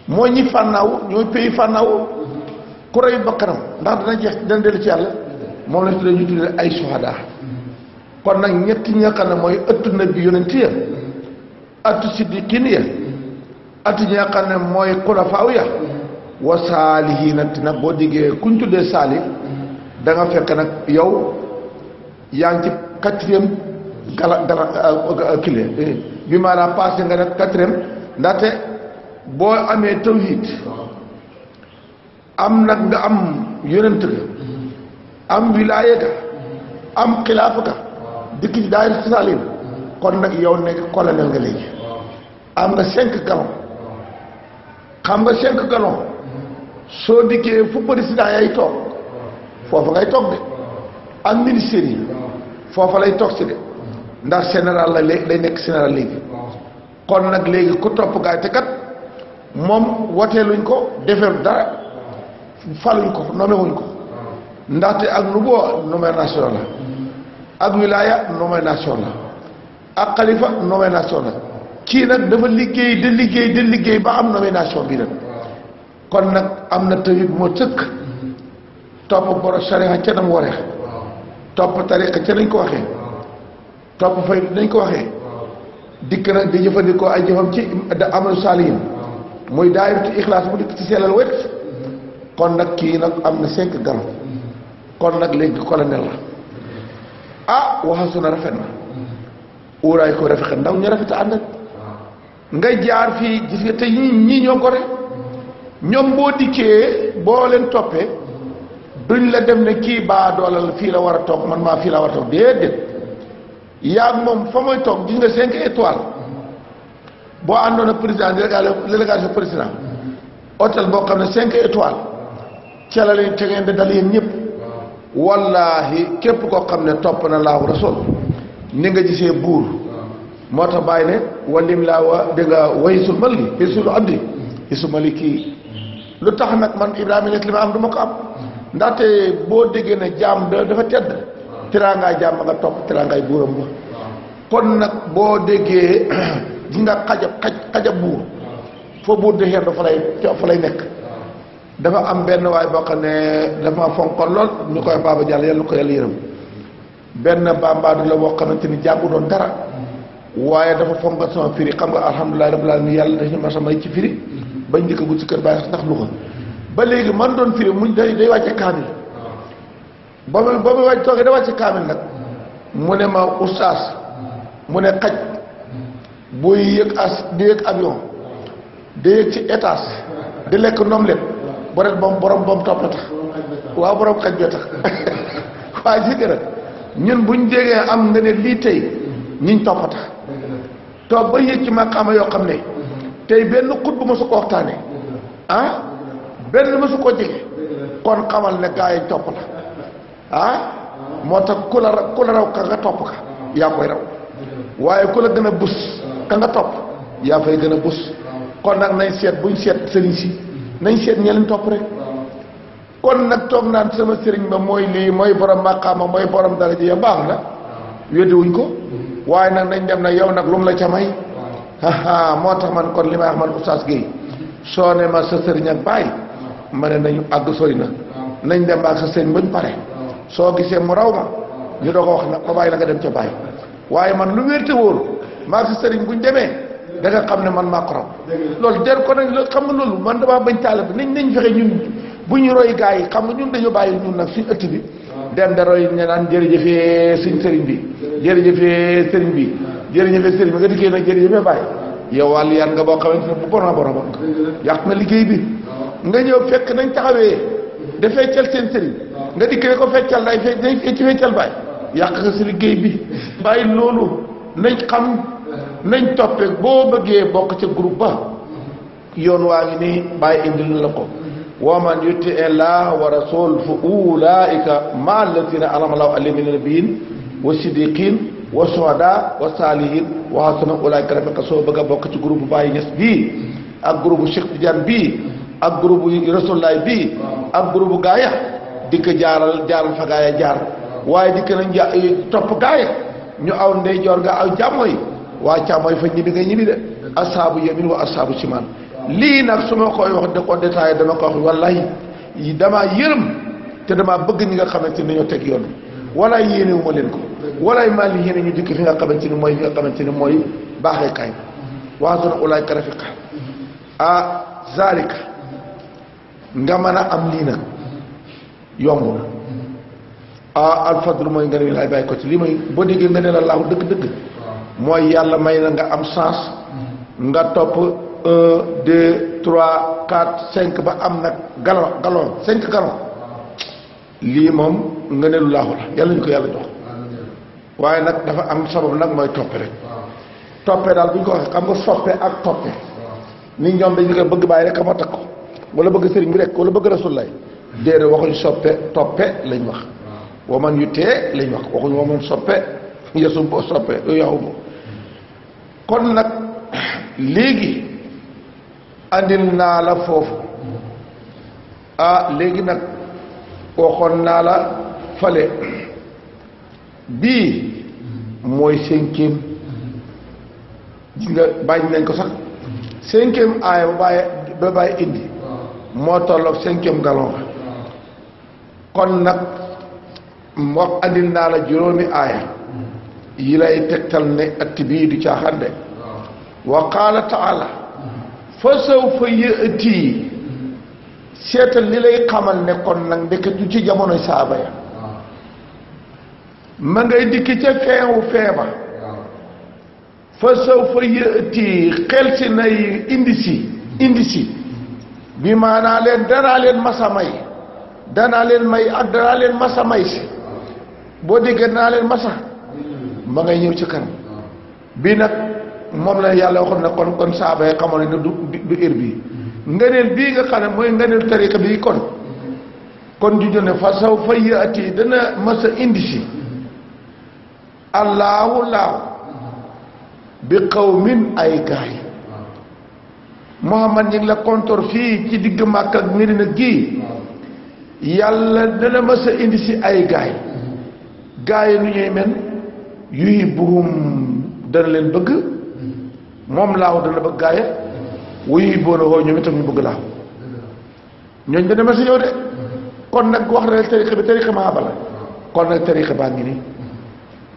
mo ñi fanaw ñooy pey fanaw ku rey bakaram ndax dana jeex dana del ci yalla mo la tuddee ñu tuddee ay soxada kon nak ñet ñi nga xam ne mooy ëttu nabi yonent ya ëttu sidiqin ya ëttu ñi nga xam ne mooy ya wa salihin nag bo déggee kuñ tuddee salih da nga fekk nak yow yaa ngi ci quatrième gala gala euh, kile eh, bi maanaam passé nga def quatrième ndaxte boo amee tawhid am nag nga am yonent ga am wilaaya ga am xilaafa ga dikk ci daayir saalin kon nag yow nekk colonel nga léegi am nga cinq gallons xam nga cinq gallons soo dikkee fu président yay toog foofa ngay toog de am ministère foofa lay toog si de ndax général la léegi day nekk général léegi kon nag léegi ku topp gaay te kat moom woteeluñ ko defeelu dara faluñ ko nomewuñ ko ndaxte ak nu boo nomination la ak wilaaya nomination la ak xalifa nomination la kii nag dafa liggéey de liggéey de liggéey ba am nomination bi nag kon nag am na tamit bu ma tëkk topp boro sariha ca nam waree topp tariqa ca lañ ko waxee topp fay dañ ko waxee dikk nag di jëfandikoo ay jëfam ci amalu saalihin muy daayiratu ixlaas bu dikk ci sellal wet kon nag kii nag am na cinq grammes kon nag léegi colonel la ah rafet na uuraay ko rafet ndaw ñu rafet ànd ak nga jaar fii gis nga te ñi ñii ñoo ko re ñoom boo dikkee boo leen toppee duñ la dem ne kii baa doolal fii la war a toog man maa fii la war a toog déedéet yaa moom fa mooy toog gis nga cinq étoiles boo àndoon ak président délégation président hôtel boo xam ne cinq étoiles ca la lay tegeen di dal yéen ñëpp wallaahi képp koo xam ne topp na laaw rasul ni nga gisee buur moo tax bàyyi ne walim laa wa dégg nga wayisul mal gi hisul abdi hisu maliki lu tax nag man Ibrahima Niass li ma am du ko am ndaxte boo déggee ne jaam da dafa tedd teranga jam nga top teraangaay buram ba kon nak bo dege dina xaja xaja bu fo bu de xeer dafa lay fa lay nekk dafa am ben way bo xane dafa dama lol ni koy baba jall yalla ko yeram ben bamba du la dara waye dafa sama firi xam nga alhamdulilah rabbil alamin yalla dañu ma sama ci firi bañ njëkk ci kër baax tax lu ko ba legi man don firi muñ day day ba mu ba mu waaj toogee da ci kaamil nag mu ne ma ustaas mu ne xaj buy yëg as di yëg avion di yëg ci étage di lekk noom leen borom ba borom ba mu topp tax waaw borom xaj bee tax (laughs) waa ji gën a ñun bu ñu jegee am nga ne lii tey ñiñ topp tax toog ba yëg ci maqaama yoo xam ne tey benn xut bu ma su ko waxtaanee ah benn ma su ko jege kon xamal ne gaa yi topp la ah moo tax ku la ku la raw ka nga topp ka yaa koy raw waaye ku la gën a bus ka nga topp yaa fay gën a bus kon nag nañ seet buñ seet sëriñ si nañ seet ña leen topp rek kon nag toog naan sama sëriñ ma mooy lii mooy borom maqaama mooy borom daraja ya baax na weddiwuñ ko waaye nag nañ dem na yow nag lu mu la ca may moo tax man kon li may wax man oustaz Guèye soo ne ma sa sëriñ ak bàyyi ma ne nañu àgg sori na nañ dem ba ak sa sëriñ bañ pare soo gisee mu raw ma ñu doog ko wax nag ko bàyyi la nga dem ca bàyyi waaye man lu wér te wóor maa si sëriñ buñ demee da nga xam ne man maa ko raw loolu der ko nañ xam nga loolu man damaa bañ taal bi nañ nañ fexe ñun bu ñu roy gars yi xam nga ñun dañu bàyyi ñun nag suñ ëtt bi dem da roy ne naan jërëjëfee suñ sëriñ bi jërëjëfee sëriñ bi jërëjëfee sëriñ bi nga dikkee nag jërëjëfee bàyyi yow wàllu yan nga boo xamante ne bu bon a bon a bon na liggéey bi nga ñëw fekk nañ taxawee dafay cal seen sëriñ nga dikk ne ko feccal day fe day ci baay yàq nga si liggéey bi bàyyi loolu nañ xam nañ toppe boo bëggee bokk ca groupe ba yoon waa ngi nii bàyyi indil la ko wa man yuti illaha wa rasul fa ulaika ma alladina anama allahu alayhim min nabiyin wa siddiqin wa sohada wa saalihin wa hasuna ulaika rafiqa soo bëgg bokk ci groupe Baye Niass bi ak groupe Cheikh Tidiane bi ak groupe Rasulaay bii ak groupe gaaya dikk jaaral jaaral fa gaaya jaar waaye dikk nañ ja eh, topp gaaya ñu aw ndeyjoor nga aw jàmmooy waa càmmooy fa ñibi nga ñibi de asaabu yamin wa asaabu simaan lii nag su ma koy wax da ko détaillé dama ko wax wallahi damaa yërëm te damaa bëgg ñi nga xamante ni ñoo teg yoon walaay yéene wu ma leen ko walaay maa li yéene ñu dikk fi nga xamante ni mooy fi nga xamante ni mooy baaxee kaay waasona ulaayka rafiqa ah zalika nga mën a am lii nag yombul ah alfadlu mooy ngeen laay bàyyi ko ci li may boo déggee nga ne la laaw dëgg-dëgg mooy yàlla may na nga am chance nga topp un deux trois quatre cinq ba am nag galon galon cinq galon lii moom nga ne lu laaxu la yàlla ñu ko yàlla jox waaye nag dafa am sabab nag mooy toppe rek toppe daal bu ñu ko waxee xam nga soppe ak toppe ni ñoom dañu ko bëgg bàyyi rek a ma takk wala bëgg sëriñ bi rek wala bëgg rasul lay déedéet waxuñ soppe toppe lañ wax waman yu tee lañ wax waxuñ waman soppe yesum boo soppe yow bo kon nag (clears throat) léegi andil naa la foofu ah léegi nag waxoon naa la fale bii mooy cinquième gis nga nañ ko sax cinquième aaya ba bàyyi ba bàyyi indi moo tolloog cinquième gallon kon nag wax andil la juróomi aaya yi lay tegtal ne atti bii du caaxaan de wa qaala taala fa sawfa yëtii seetal li lay xamal ne kon nag ndeke ci jamono saaba ya ma ngay dikki ca feewu feeba fa sawfa yëtii xel si nay indi si indi si bi maanaa leen danaa leen masamay danaa leen may ak danaa leen masa may si boo déggee naa leen masa ma ngay ñëw ci kanam bii nag moom la yàlla waxoon ne kon kon saaba yi xamoon ne du du heure bii ngeneel bii nga xam ne mooy ngeneel tariqa bii kon kon ju ne fa saw fa yaati dana masa indi si allaahu laaw bi qawmin ay gaay Muhammad ñu la kontor fii ci digg Màkka ak Medina gii yàlla dana ma sa indi si ay gaay gaay nu ñuy men yuy buhum dana leen bëgg moom laaw dana bëgg gaaya wuy boona woo ñoom itam ñu bëgg laaw ñooñ dana ma sa yow de kon nag wax na tariqa bi tariqa maa bala kon nag tariqa baa ngi nii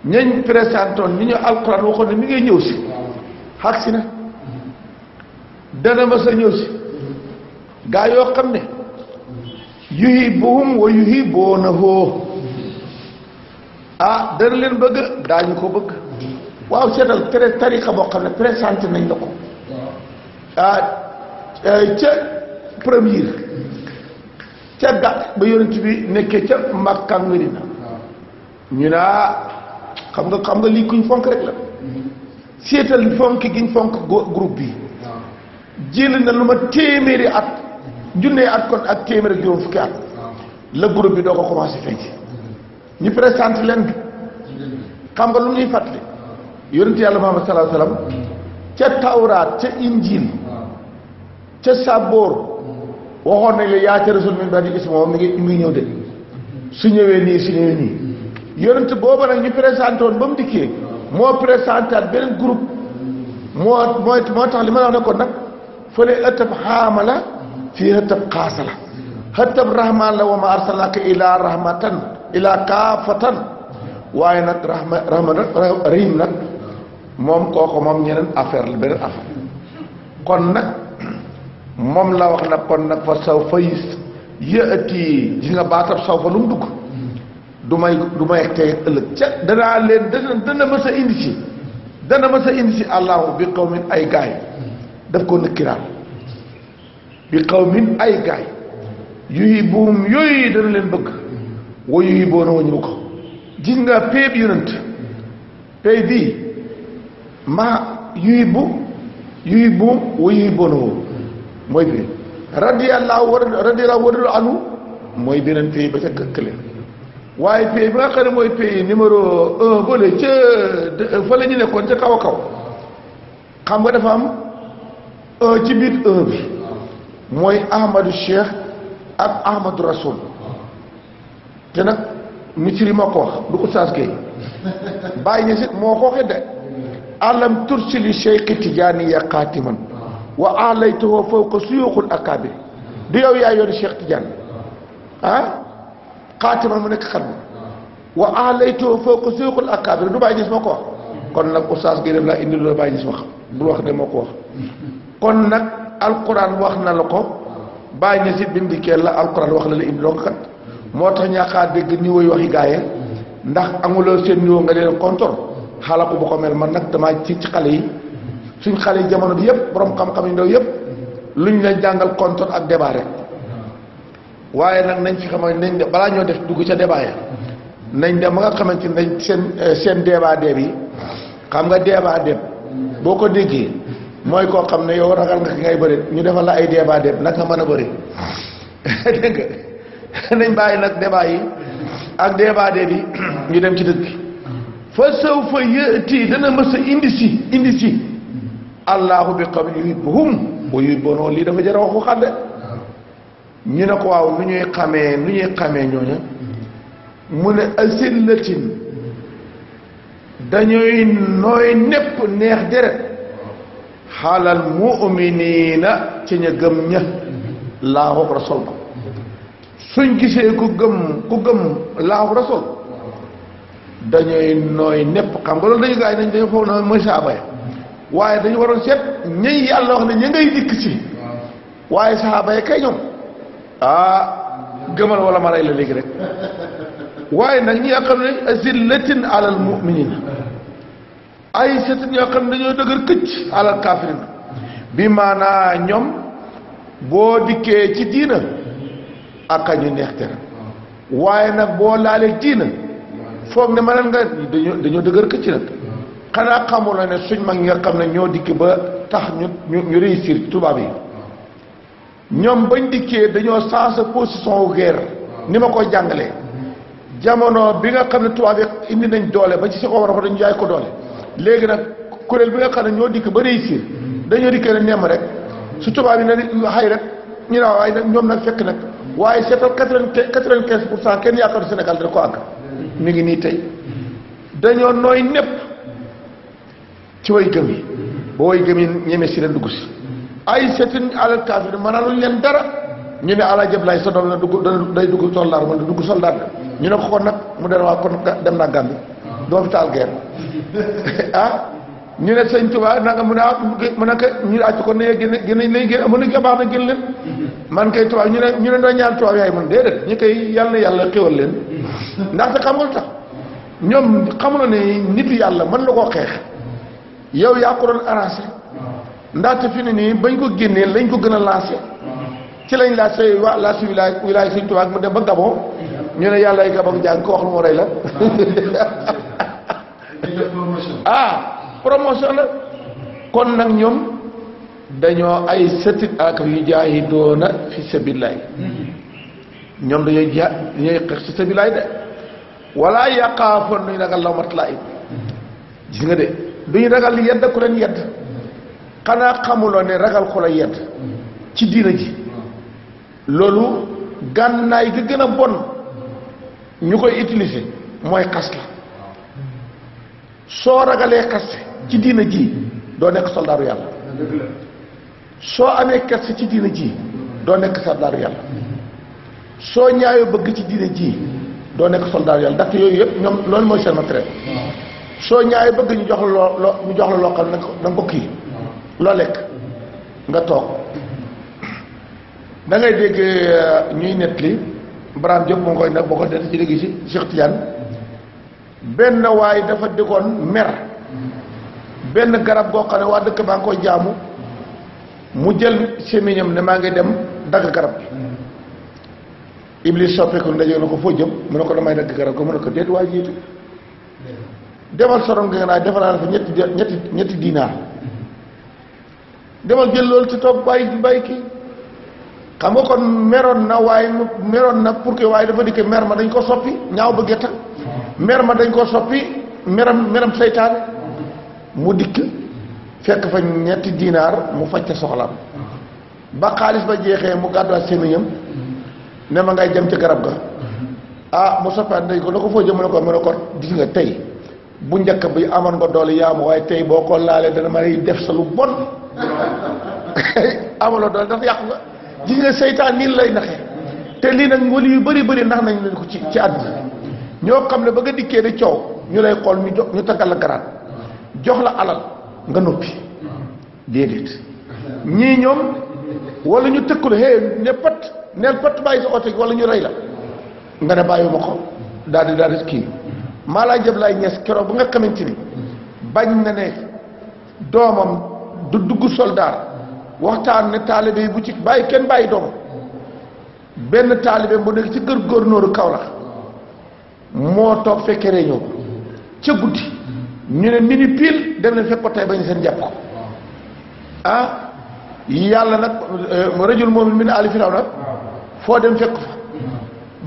ñañ présentoon ñi ñu alquran waxoon ne mi ngay ñëw si xag si na dana ma sa ñëw si gaa yoo xam ne yuhibbuhum wa yuhibbuunahu ah dara leen bëgg daañu ko bëgg waaw seetal pré tariqa boo xam ne présenté nañ la ko ah eh, ca premier ca gàtt ba yonent bi nekkee ca Makka Medina ñu naa ah, xam nga xam nga lii kuñ fonk rek la seetal fonk giñ fonk groupe bi jël na lu ma téeméeri at junnee at kon ak téeméer ak juróom fukki at la groupe bi doo ko commencé fecc ñu présente leen xam nga lu ñuy fàttali yonent yàlla Muhammad salaa salaam ca tawraat ca injil ca saboor waxoon nañ yaa ca rasul min ba'di ñëw de su ñëwee nii su ñëwee nii yonent booba nag ñu présenté woon ba mu dikkee moo présenté at beneen groupe moo mooy moo tax li ma ne kon nag fële ëttab xaama la fii xëttab xaasa la rahmaan la wa ma arsalnaaka ilaa rahmatan ilaa kaafatan waaye nag rahma rahma rahim nag moom kooku moom affaire la beneen kon nag moom la wax nag kon nag fa saw fa yëati gis nga baatab saw fa lu mu du may du ëllëg dana dana mës indi si dana mës a indi allahu bi qawmin ay gaay daf ko nëkkiraat bi qawmin ay gaay yuhibbuhum yooyu dana leen bëgg wa yuhibbuuna wa ñu ko gis nga péeb yonent péeb bii maa yuhibbu yuhibbuhum wa yuhibbuuna woo mooy bi radiyallahu radiyallahu anhu mooy beneen pays ba ca këkkale waaye pays bi nga xam ne mooy pays numéro un bële ca fële ñu nekkoon ci kaw a kaw xam nga dafa am un ci biir un bi mooy ahmadu cheikh ak ahmadu rasul te nag misiri moo ko wax du oustaz Gueye bàyyi ña moo ko waxee de alam tursili cheikh tijaaniya xaatiman wa alaytuhu fawqa suyuuxul akaabir du yow yaa yoon cheikh tidiane ah xaatiman mu nekk xatma wa alaytuhu fawqa suyuuxul akaabir du bàyyi ñis moo ko wax kon nag oustaz Gueye dem laa indi loolu bàyyi ñis wax bul wax ne moo ko wax kon nag alquran wax na la ko bàyyi na si bindikeel la alquran wax la la indi donc kat moo tax ñaaxaa dégg niveau yi waxi gaaye ndax amuloo seen niveau nga leen kontor xalaku bu ko mel man nag damaa ci ci xale yi suñ xale yi jamono bi yëpp borom xam-xam yi ndaw yëpp luñ leen jàngal kontor ak débat rek waaye nag nañ ci xam nañ de balaa ñoo def dugg ca débat ya nañ dem ba nga xamante nañ seen eh, seen débat deeb yi xam nga débat deeb boo ko déggee mooy koo xam ne yow ragal nga ki ngay bëri ñu defal la ay débat déet naka mën a bëri ah. dégg nga nañ bàyyi nag débat yi ak débat déet yi ñu dem ci dëkk bi fa saw fa yëti dana mës a indi si indi si allahu bi qawmin yuhibbuhum wa yuhibbuunahu lii dafa jar a waxu xadde ñu ne ko waaw nu ñuy xamee nu ñuy xamee ñooña mu ne asillatin dañuy nooy népp neex deret xaalal mu'miniina ci ña gëm ña laahu ak ba suñ gisee ku gëm ku gëm laahu ak rasul dañuy nooy nepp xam nga loolu dañu gars dañ dañu foog na mooy saaba ya waaye dañu waroon seet ñëy yàlla wax ne ña ngay dikk ci waaye saaba ya kay ñoom ah gëmal wala ma rey la léegi rek waaye nag ñi nga xam ne azillatin alal mu'miniina ay sëtët yoo xam ne dañoo dëgër këcc alal kaafirin bi maanaa ñoom boo dikkee ci diina ak ñu neex waaye nag boo laalee diina foog ne mënal nga dañoo dañoo dëgër këcc nag xanaa xamul ne suñ mag ñi nga xam ne ñoo dikk ba tax ñu ñu réussir tubaab yi ñoom bañ dikkee dañoo sens position wu guerre ni ma koy jàngalee jamono bi nga xam ne tubaab yi indi nañ doole ba ci si ko war a ko dañu jaay ko doole légui nak kurel bi nga xam ne ñoo dikk ba réussir dañu dikkee ne nem rek su tuba bi na hay rek ñu ne way nag ñoom nag fekk nak waye seetal 95% vingt quinze kenn yaakaaru Sénégal da ko ak mi ngi ni tay dañu noy nepp ci way gëm yi bo way gëm yi ñeme ci leen dugg si ay seetin alal kaafir mënaaluñ len dara ñu ne ala jëb lay sa doom na dugg day dugg soldaar man da dugg soldaar ñu ne ko nak mu dara wa kon dem na gambi do fi taal guerre (laughs) ah ñu ne sëñ Tuba nanga mu ne ah mu ne ko ñu àcc ko nee gën a gën a nay gën mu ne ko na gën leen man kay tubaab ñu ne ñu ne doo ñaan tubaab yaay man déedéet ñu koy yàlla yàlla xéwal leen ndaxte xamul tax ñoom xamuloo ne nit yàlla mën la ko xeex yow yaa ko doon arrangé ndaxte fi ne nii bañ ko génnee lañ ko gën a lancé ci lañ laaj say waa laaj si wilaay wilaay sëñ Tuba mu dem ba Gabon ñu ne yàlla Gabon jàng ko wax lu moo rey la (laughs) ah promotion la kon nag ñoom dañoo ay sëtit ak yu jaahidoona fi sabilillahi ñoom dañoo ja dañooy xeex fi sabilillahi de wala yaqaafoon duñu ragal lawmat laa'im si nga de duñu ragal yedd ku leen yedd xanaa xamuloo ne ragal ku la yedd ci diina ji loolu gànnaay gi gën a bon ñu koy utiliser mooy xas la so ragalee xaste ci diina ji do nek soldaaru yalla so amé kerse ci diina ji do nek soldaaru yalla so ñaayo bëgg ci diina ji do nek soldaaru yalla dak yoy yëpp ñom loolu mooy seen matériel so ñaayo bëgg ñu jox lo ñu jox lo xal xam da nga ko kii loo lekk nga tok da ngay dégg euh, ñuy nett li jëm mo moo koy nag boo ko ci dégg ci Cheikh tiane benn waay dafa dikkoon mer benn garab goo xam ne waa dëkk baa ngi koy jaamu mu jël sémiñam ne maa ngi dem dagg garab bi Iblis soppeeku ndaje na ko foo jëm mu ne ko damay dagg garab ko mu ne ko déet waa jiitu demal soron nga naa defal fa ñetti ñetti ñetti dinaar demal jël loolu ci toog bàyyi bàyyi kii xam nga kon meroon na waaye meroon na pour que waaye dafa dikke mer ma dañ ko soppi ñaaw ba getta mer ma dañ ko soppi meram meram seytaane mu dik fekk fa ñetti dinar mu faj ca soxlaam ba xaliss ba jexé mu gàdduwaat sémiñam ne ma ngay jëm ci garab ga ah mu soppa dañ ko lako fo jëm lako mëna ko mu nga tay bu ñëk bi amon nga doole yaam way tay boko laalé dana ma lay def sa lu bon (laughs) amaloo doole dafa yàqu nga gis nga seytaan lay naxé té li nak ngol yu bari bari nax nañ ko ci ci àdduna ñoo xam ne ba nga dikkee di coow ñu lay xool ñu jox ñu tagal la garaat jox la alal nga noppi déedéet ñii ñoom wala ñu tëkkul hee ne pat neel pat bàyyi sa oto wala ñu rey la nga ne bàyyi ma ko daal di daal di kii Maalaay Jablaay Ñas keroog bu nga xamante ni bañ na ne doomam du dugg soldaar waxtaan ne taalibe yi bu ci bàyyi kenn bàyyi doomam benn taalibe bu nekk ci kër gouverneur Kaolack moo toog fekkee réunion ca guddi ñu ne mini pile dem leen fekk ko tey bañ seen jàpp ko ah yàlla nag euh, rajul moom min ali firaw nag foo dem fekk fa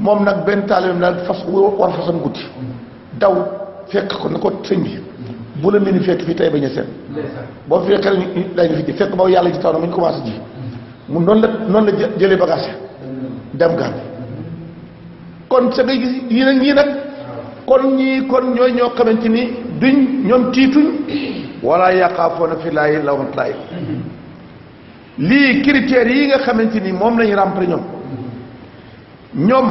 moom nag benn taalibeem daal fas war fasam guddi daw fekk ko ne ko sëñ bi bu la mini fekk fi tey bañ seen boo fi fekkee ñu lay fi fekk boobu yàlla ji taw na mu ñu commencé ji mu noon la noonu la jëlee bagage dem gaan kon sa nga gis yi nag ñii nag kon ñii kon ñooy ñoo xamante ni duñ ñoom tiituñ wala yaqaafoona fi laay lawmat lii critères yi nga xamante ni moom lañu remplir ñoom ñoom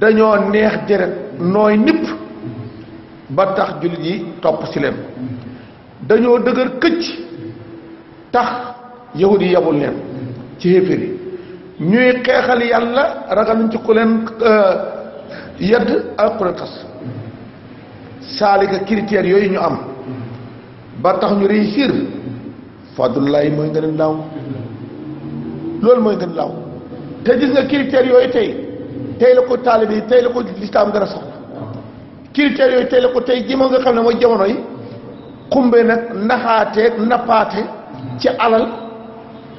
dañoo neex deret nooy nipp ba tax jullit yi topp si leen dañoo dëgër këcc tax yahudi yabul leen ci xéeféer ñuy xeexal yàlla ragaluñ ci ku leen euh, yedd ak ku leen xas saalika critères yooyu ñu am ba tax ñu réussir fadlullahi mooy gën a laaw loolu mooy gën laaw te gis nga critères yooyu tey tey la ko taalibe yi tey la ko lislaam gën a soxla critères yooyu tey la ko tey jimo nga xam ne mooy jamono yi xumbe nag naxaateeg nappaate ci alal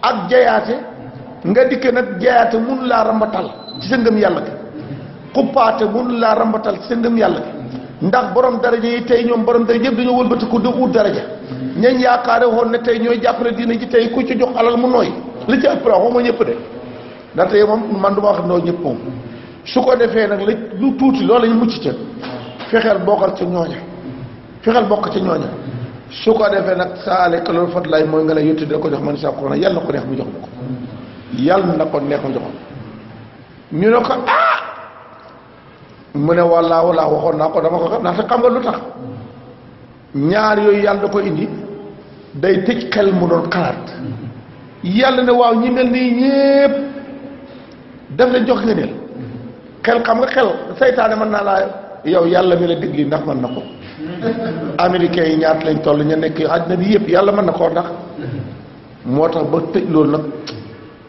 ak jayaate nga dikke nag jaayaate munu laa rambatal ci sa ngëm yàlla gi xuppaate mun laa rambatal ci sa ngëm yàlla gi ndax borom daraja yi tey ñoom borom daraja yëpp dañoo wëlbatiku di ut daraja ñañ yaakaare woon ne tey ñooy jàppale diina ji tey ku ci jox alal mu nooy li ci ëpp la waxuma ñëpp de ndax tey moom man du ma wax noo ñëpp moom su ko defee nag la lu tuuti loolu lañ mucc ca fexeel bokkal ca ñooña fexeel bokk ca ñooña su ko defee nag saa lekk loolu fadlaay mooy nga ne yotti dina ko jox man saa ko na yàlla ko neex mu jox ma ko yàlla na ko nekk njoxon ñu ne ko ah mu ne walla walla waxoon naa ko dama ko xam ndaxte xam nga lu tax ñaar yooyu yàlla da ko indi day tëj xel mu doon xalaat yàlla ne waaw ñi mel nii ñépp daf la jox ngëneel xel xam nga xel seytaane mën naa laa yow yàlla mi la ndax mën na ko américains yi ñaata lañ toll ñu nekk àddina bi yëpp yàlla mën na koo ndax moo tax ba tëj loolu nag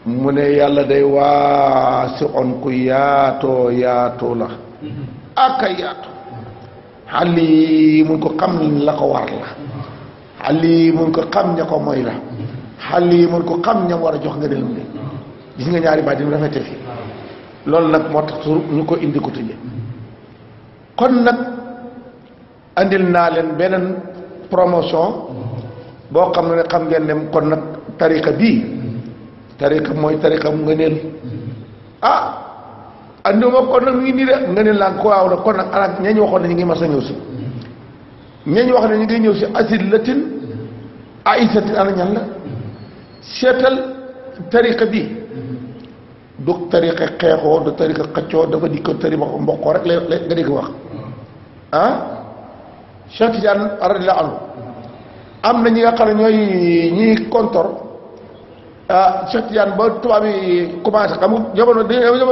mu ne yàlla day waa si on ku yaatoo yaatoo la aka yaatu xali mun ko xam la ko war la xali mun ko xam ña ko moy la xali mun ko xam ña war a jox nga ne mu ne gis nga ñaari baat yi mu fi loolu nag moo tax ñu ko indi ko tëjee kon nag andil naa leen beneen promotion boo xam ne xam ngeen ne kon nag tariqa bii tariqa mooy tariqam ngëneel ah andiwuma kon nag mu ngi nii de ngëneel laa ko waaw nag kon nag anak ñañ waxoon ne ñu ngi mas a ñëw si ñañ wax ne ñu ngi ñëw si asillatin aisatin ana ñan la seetal tariqa bi du tariqa xeexoo du tariqa xaccoo dafa di ko tariqa mboqoo rek la nga dégg wax ah Cheikh Tidiane radiyallahu anhu am na ñi nga xam ne ñooy ñiy ah Cheikh Tidiane ba tubaab yi commencé xam nga jamono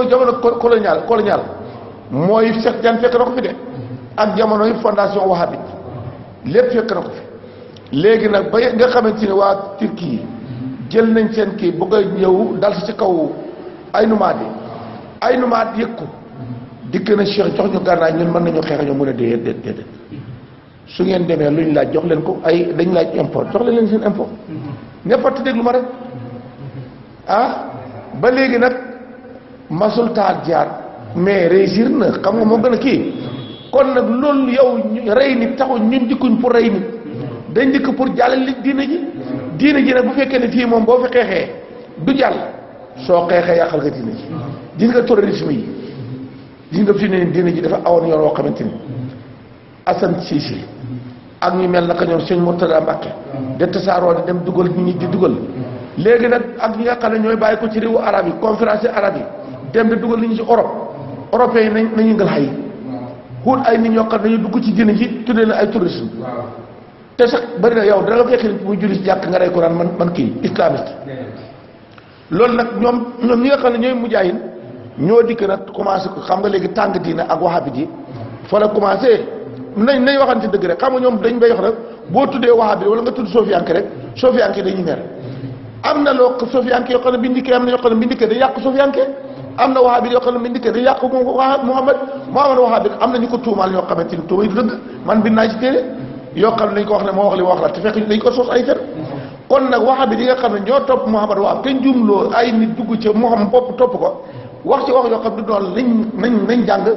jamono colonial colonial mooy Cheikh Tidiane fekk na ko fi de ak jamonoy fondation wahhabite lépp fekk na ko fi léegi nag ba nga xamante ne waa Turquie yi jël nañ seen kii bëgg a ñëw dal ci kaw ay nomades yi ay nomades yëg ko dikk na Cheikh jox ñu gànnaay ñun mën nañu xeex ñu mën a dee déedéet su ngeen demee luñ laaj jox leen ko ay dañ laaj import jox leen leen seen import. Mm-hmm. ne fàtte déglu ma rek. ah ba léegi nag masul taal jaar mais réussir na xam nga moo gën a kii kon nag loolu yow rey ni taxul ñun dikkuñ pour rey nit dañ dikk pour jàllale li diina ji diina ji nag bu fekkee ne fii moom boo fi xeexee du jàll soo xeexee yàqal nga diina ji gis nga terrorisme yi gis nga fi ne diina dafa awoon yoon woo xamante ni Assane Cissé ak ñu mel naka ñoom sëñ Mourtada Mbacké de tasaaroo di dem dugal ñu ñi di dugal léegi nag ak ñi nga xam ne ñooy bàyyi ko ci réewu araab yi conférence arab yi dem di dugal nit ñi ci Europe européens yi nañ nañu ngal xay xuut ay nit ñoo xam ne dugg ci diine ji tuddee na ay tourisme te sax bëri na yow dana nga fekk nit muy julli nga rey ko naan man man kii islamiste loolu nag ñoom ñoom ñi nga xam ne ñooy mujaayin ñoo dikk nag commencé ko xam nga léegi tàng diine ak waxaabit yi fa la commencé nañ nañ waxante dëgg rek xam nga ñoom dañ bay yox rek boo tuddee waxaabit wala nga tudd sofiyanke rek sofiyanke dañuy mer am na loo sofiyanke yoo xam ne bindikee am na ñoo xam ne bindikee yàq sofiyanke am na wahabi yoo xam ne bindikee dañu yàq Muhammad Muhammad wahabi am na ñu ko tuumaal ñoo xamante ni tuuma yi dëgg man bi naa ci téere yoo xam ne dañ ko wax ne moo wax li wax la te fekk ko sos ay fen kon nag wahabi yi nga xam ne ñoo topp Muhammad wahab te jumloo ay nit dugg ci Muhammad bopp topp ko wax ci wax xam ne du noonu nañ nañ nañ jàng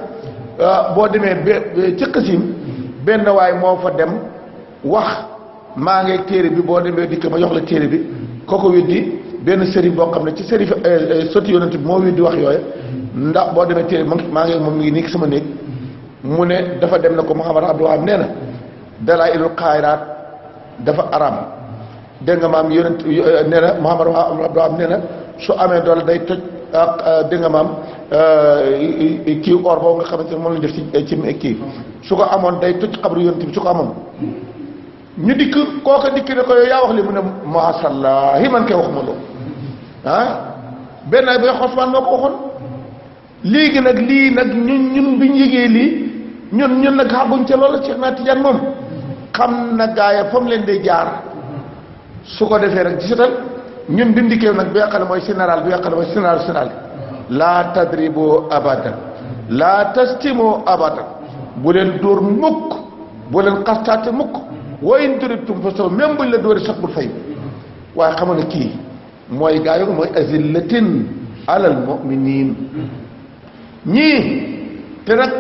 euh, boo demee ba ci qasim benn waay moo fa dem wax maa ngi téere bi boo demee dikk ma jox la téere bi kooku di benn sëriñ boo xam ne ci sëriñ euh, euh, sotti yonent bi moo weddi wax yooyu ndax boo demee téere maa ngi moom mi ngi nii sama néeg mu ne dafa dem na ko Muhammad Abdul Wahab nee na dalaa'ilul dafa araam dégg nga maam yonent euh, nee na Muhammad Abdul Wahab nee na su amee dool day toj dégg nga maam kii or boobu nga xamante te moom lañ def ci ci kii su ko amoon day toj xabru yonent bi su ko amoon ñu dikk kooka dikk ne ko yow yaa wax li mu ne maasallaahi man koy wax ma loolu ah benn ay bay xosmaan ko waxoon léegi nag lii nag ñu ñun bi ñu yëgee lii ñun ñun nag xàgguñ ca loola Cheikh naa Tijaan moom xam na gaaya fa mu leen di jaar su ko defee rek ci setal ñun bi mu dikkee nag bi nga mooy général bi nga ne mooy général général laa tadribo abadan laa tastimo abadan bu leen dóor mukk bu leen xastaate mukk woo in turibtum fa même buñ la dóori sax bul fay waaye xam na kii mooy gaa yi mooy azillatin alal mu'minin ñii te nag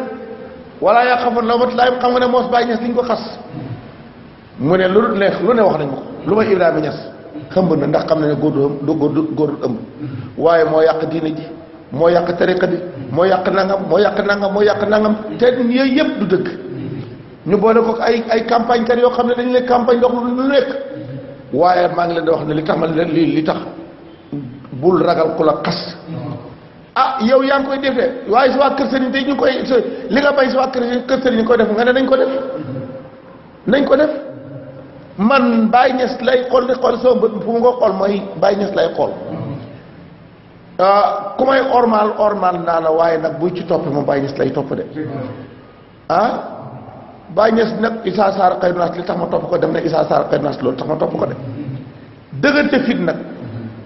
wala yaa xafoon la mat laay xam nga ne moo bàyyi ñes liñ ko xas mu ne lu neex lu ne wax nañ ko lu may Ibrahima ñes xëmb na ndax xam na ne góor du góor du góor du ëmb waaye moo yàq diine ji moo yàq tariqa bi moo yàq nangam moo yàq nangam moo yàq nangam te yooyu yëpp du dëgg ñu boole ko ay ay campagne kat yoo xam ne dañ ne campagne dox lu nekk waaye maa ngi leen di wax ne li tax ma leen lii li tax bul ragal ku la xas ah yow yaa ngi koy defee waaye si waa kër sëriñ tey ñu koy li nga bay si waa kër kër sëriñ ñu koy def nga ne nañ ko def nañ ko def man Baye Niass lay xool di xool soo bët fu mu nga xool mooy Baye Niass lay xool ah, ku may ormaal ormaal naa la waaye nag buy ci topp moom Baye Niass lay topp de ah Baay Ñas nag Issa Sarr Xaynaas li tax ma topp ko dem na Issa Sarr Xaynaas loolu tax ma topp ko de dëggante fit nag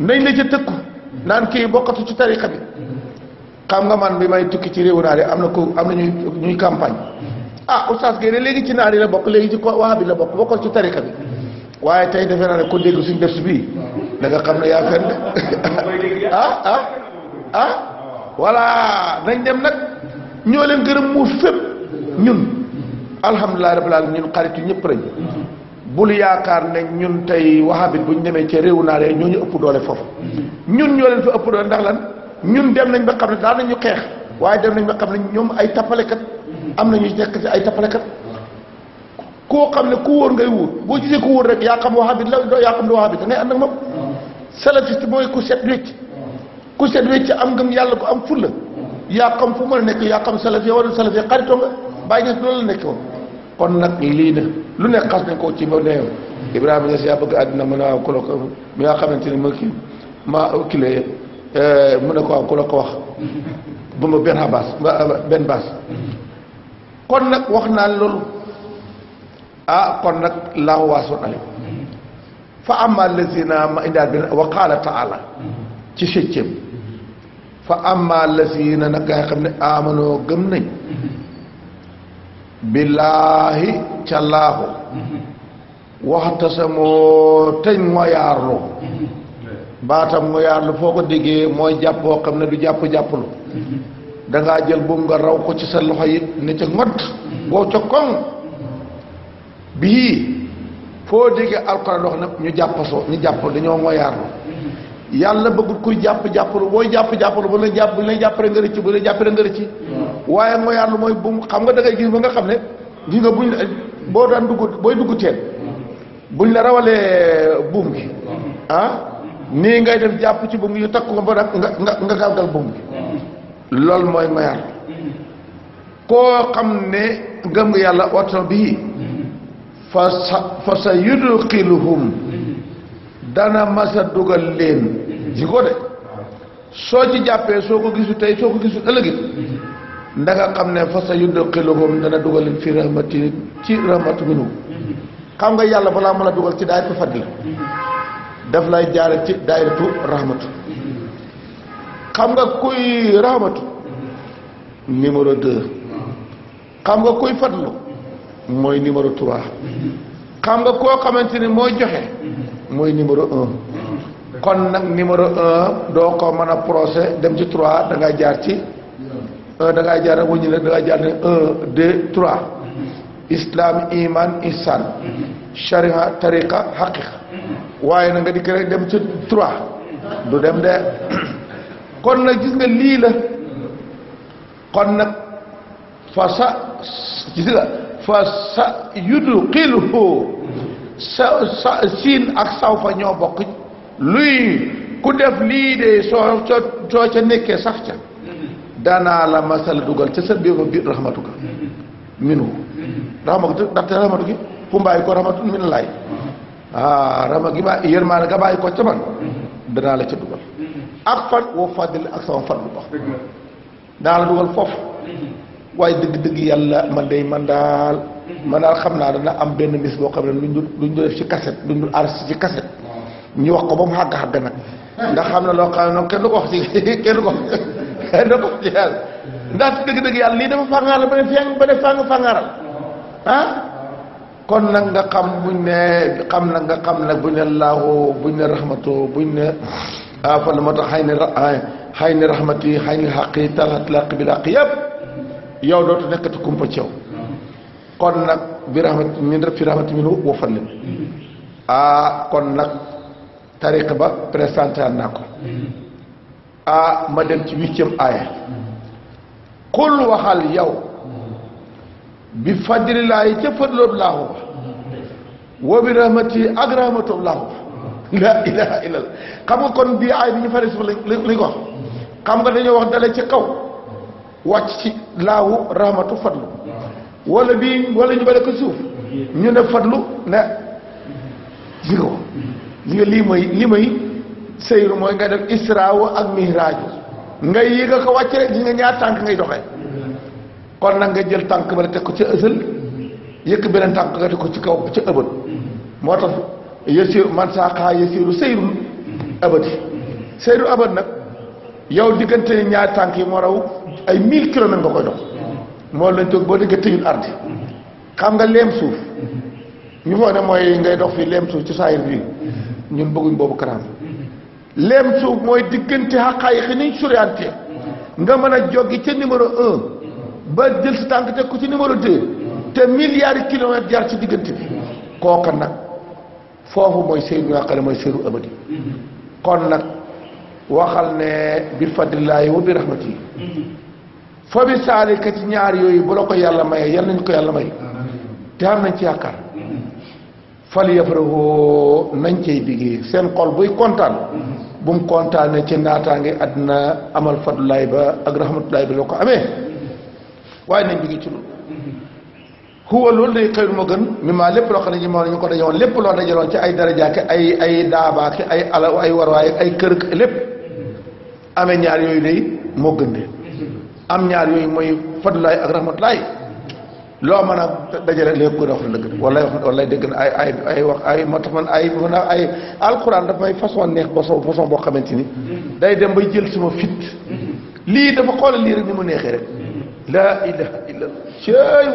nañ la ca tëkku naan kii bokkatu ci tariqa bi xam nga man bi may tukki ci réew naa yi am na ko am na ñuy ñuy campagne ah oustaz Guèye léegi ci naar yi la bokk léegi ci waa bi la bokk bokkal ci tariqa waaye tey defe naa ne ku dégg suñu ders da nga xam ne yaa fenn (laughs) ah ah ah nañ dem nag ñoo leen gërëm mu fépp ñun. alhamdulilah rabbil alamin ñun xaritu ñëpp lañ bul yaakaar ne ñun tey wahabit bu ñu demee ca réew naa ñoo ñu ëpp doole foofu ñun ñoo leen fa ëpp doole ndax lan ñun dem nañ ba xam ne daan nañu xeex waaye dem nañ ba xam ne ñoom ay tappalekat am nañu nekk ci ay tappalekat koo xam ne ku wóor ngay wóor boo gisee ku wóor rek yaa xam wahabit la yaa xam du wahabit da ngay ànd ak moom salafiste mooy ku set wécc ku set wécc am ngëm yàlla ko am fulla yaa xam fu mën a nekk yaa xam salafie wala salafie xaritoo nga bàyyi des la nekk woon kon nag lii na lu nekk xas nañ ko ci ba neew Ibrahima Niass yaa bëgg àddina mën a ku ko mi nga xamante ne ma kii ma kilee eh, mu ne ko waaw ku ko wax (laughs) ba ma benn baas kon nag wax naa loolu ah kon nag laahu waasoon alim fa amma lazina ma indaat benn wa qaala taala ci septième fa amma lazina nag gaa xam ne amanoo gëm nañ billaahi ca laaxu waxta sa moo tëñ moo yaarlu baatam moo foo ko déggee mooy jàppoo xam ne du jàpp-jàppalu dangaa jël buum nga raw ko ci sa loxo it ne ca ngott wow ca koŋ bii foo déggee alxuraan wax na ñu jàpp soo ñu jàpp dañoo moo yaarlu yàlla bëggul kuy jàpp-jàppalu booy jàpp-jàppalu bu la jàpp bu la jàppale nga rëcc bu la jàppale nga rëcc waaye yàlla mooy bu xam nga da ngay gis ba nga xam ne gis nga buñ boo daan dugg booy dugg teen buñ la rawalee buum gi ah, nii ngay def jàpp ci buum yu takku ba nag nga nga nga buum gi loolu mooy moyaanlu koo xam ne ngëm yàlla oto bi fa sa fa sa yudxiluhum dana masa dugal leen ji de soo ci jàppee soo ko gisu tey soo ko gisu ëllëgit nda nga xam ne fa sa yudxiluhum dana dugal leen fi rahmati ci rahmatu minu xam nga yàlla balaa mën a dugal ci daayatu fadli daf lay jaare ci daayatu rahmatu xam nga kuy rahmatu numéro deux xam nga kuy fadlu mooy numéro trois xam nga koo xamante ni mooy joxe mooy numéro un kon nag numéro un doo ko mën a procès dem ci trois da nga jaar ci Euh, da jaar rek wëññi ne da ngay jaar ne un deux trois islam iman ihsan shariha tariqa haqiqa waaye na nga di rek dem ca trois du dem de (coughs) kon nag gis nga lii la kon nag fa sa gis nga fa sa yudxilhu sa sa siin ak saw fa ñoo bokk luy ku def lii de soo soo ca nekkee sax ca danaa la ma la dugal ca sa biir biir rahmatuka minu rahmatuka ndaxte rahmatuki fu mbaay ko rahmatu min laay ah rahma gi ma yërmaane nga bàyyi ko ca man danaa la ca dugal ak fan woo fàddil ak sama fàddu ba danaa la dugal foofu waaye dëgg man day man daal man daal xam naa dana am benn bis boo xam ne luñ dul ci kaset luñ dul arrêté ci kaset ñu wax ko ba mu xàgg xàgg nag ndax xam na loo xam ne noonu kenn ko (laughs) kenn ko nda ko ci yàlla ndax dëgg dëgg yàlla lii dafa fangaar ba ne ba fang ah kon nag nga xam buñ ne xam na nga xam nag ne ne rahmatu buñ ne ah fan moo tax xay ne rahmati xay ne xaqi talat laq bi laq yëpp yow dootu nekkati kumpa ci yow kon nag bi rahmat min fi rahmati min ah kon nag tariqa ba présenté ah ma dem ci huitième aaya xul waxal yow bi fadlilaahi ca fadloob laahu ba wa bi rahmati ak rahmatoob laahu ba laa ilaha illa xam nga kon bii aay bi ñu fari suuf lañ ko wax xam nga dañoo wax dale ci kaw wàcc ci laahu rahmatu fadlu wala bii wala ñu bale ko suuf ñu ne fadlu ne si nga ko lii may lii may sëyru moy nga def isra wa ak mihraj nga yéeg a ko wacce rek nga ñaar tank ngay doxé kon na nga jël tank ba tek ko ci eusel yek benen tank nga tek ko ci kaw ci ëbët motax tax man sa kha yasiru sëyrul abati sëyrul abat nak yow digënté ñaar tank yi mo raw ay 1000 km nga koy dox mo lañ tok bo diggante tëyul ardi xam nga lem suuf ñu wone moy ngay dox fi lem suuf ci saayir bi ñun bëgguñ bobu karam leem suuf mooy diggante xaqaayiq yi niñ nga mën a joggi ca numéro un ba jël si tànk teg ko ci numéro deux te milliards yi kilomètres ci diggante bi kooka nag foofu mooy seen ñaqale mooy seeru amadi kon nag waxal ne bi fadlillaahi wa bi rahmati fa saalika ci ñaar yooyu bu la ko yàlla maye yal nañ ko yàlla may te am nañ ci yaakaar fal yafrahu nañ cay bigee seen xol buy kontaan mm-hmm. bu kontaanee ci naataange àddina amal fadulaay ba ak rahmatulaay ba la ko amee mm-hmm. waaye nañ bigee ci loolu mm-hmm. huwa loolu day xëyru ma gën mi maa lépp loo xam ne ji moom ñu ko dajaloon lépp loo jaloon ci ay darajaaki ay ay daabaaki ay ala ay warwaay ay kër lépp amee ñaar yooyu day moo gën de am ñaar yooyu mooy fadulaay ak rahmatulaay loo mën a dajale léegi ko wax na wax dégg na ay ay ay ay moo tax man ay mën a ay alxuraan boo xamante ni day dem bay jël sama fit lii dafa xoolal lii rek ni mu neexee rek laa ilaha illa allah céy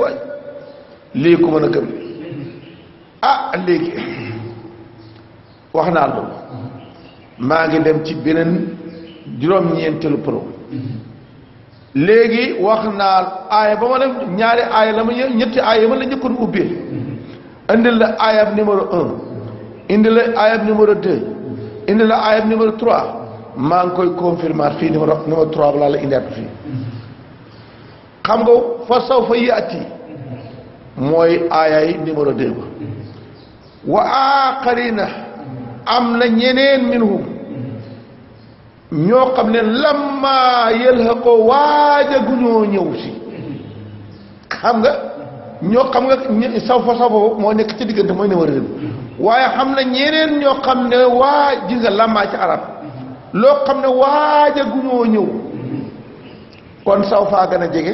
waay ah maa ngi dem ci beneen juróom-ñeenteelu pro léegi wax naa aaya ba ma dem ñaari aaya la ma ñetti aaya ma la njëkkoon ubbil indil la aayab numéro un indil la aayab numéro deux indil la aayab numéro trois maa ngi koy confirmer fii numéro numéro trois laa la indiwaat fii xam nga fa saw fa yi mooy aayay numéro deux ba wa aaxarina am na ñeneen minhum ñoo xam ne lamma yëlxa ko waaj aguñoo ñëw si xam nga ñoo xam nga saw fa saw fa moo nekk ci diggante mooy ne war waaye xam na ñeneen ñoo xam ne waa ji nga lamma ci arab loo xam ne waaj aguñoo ñëw kon saw faa gën a jege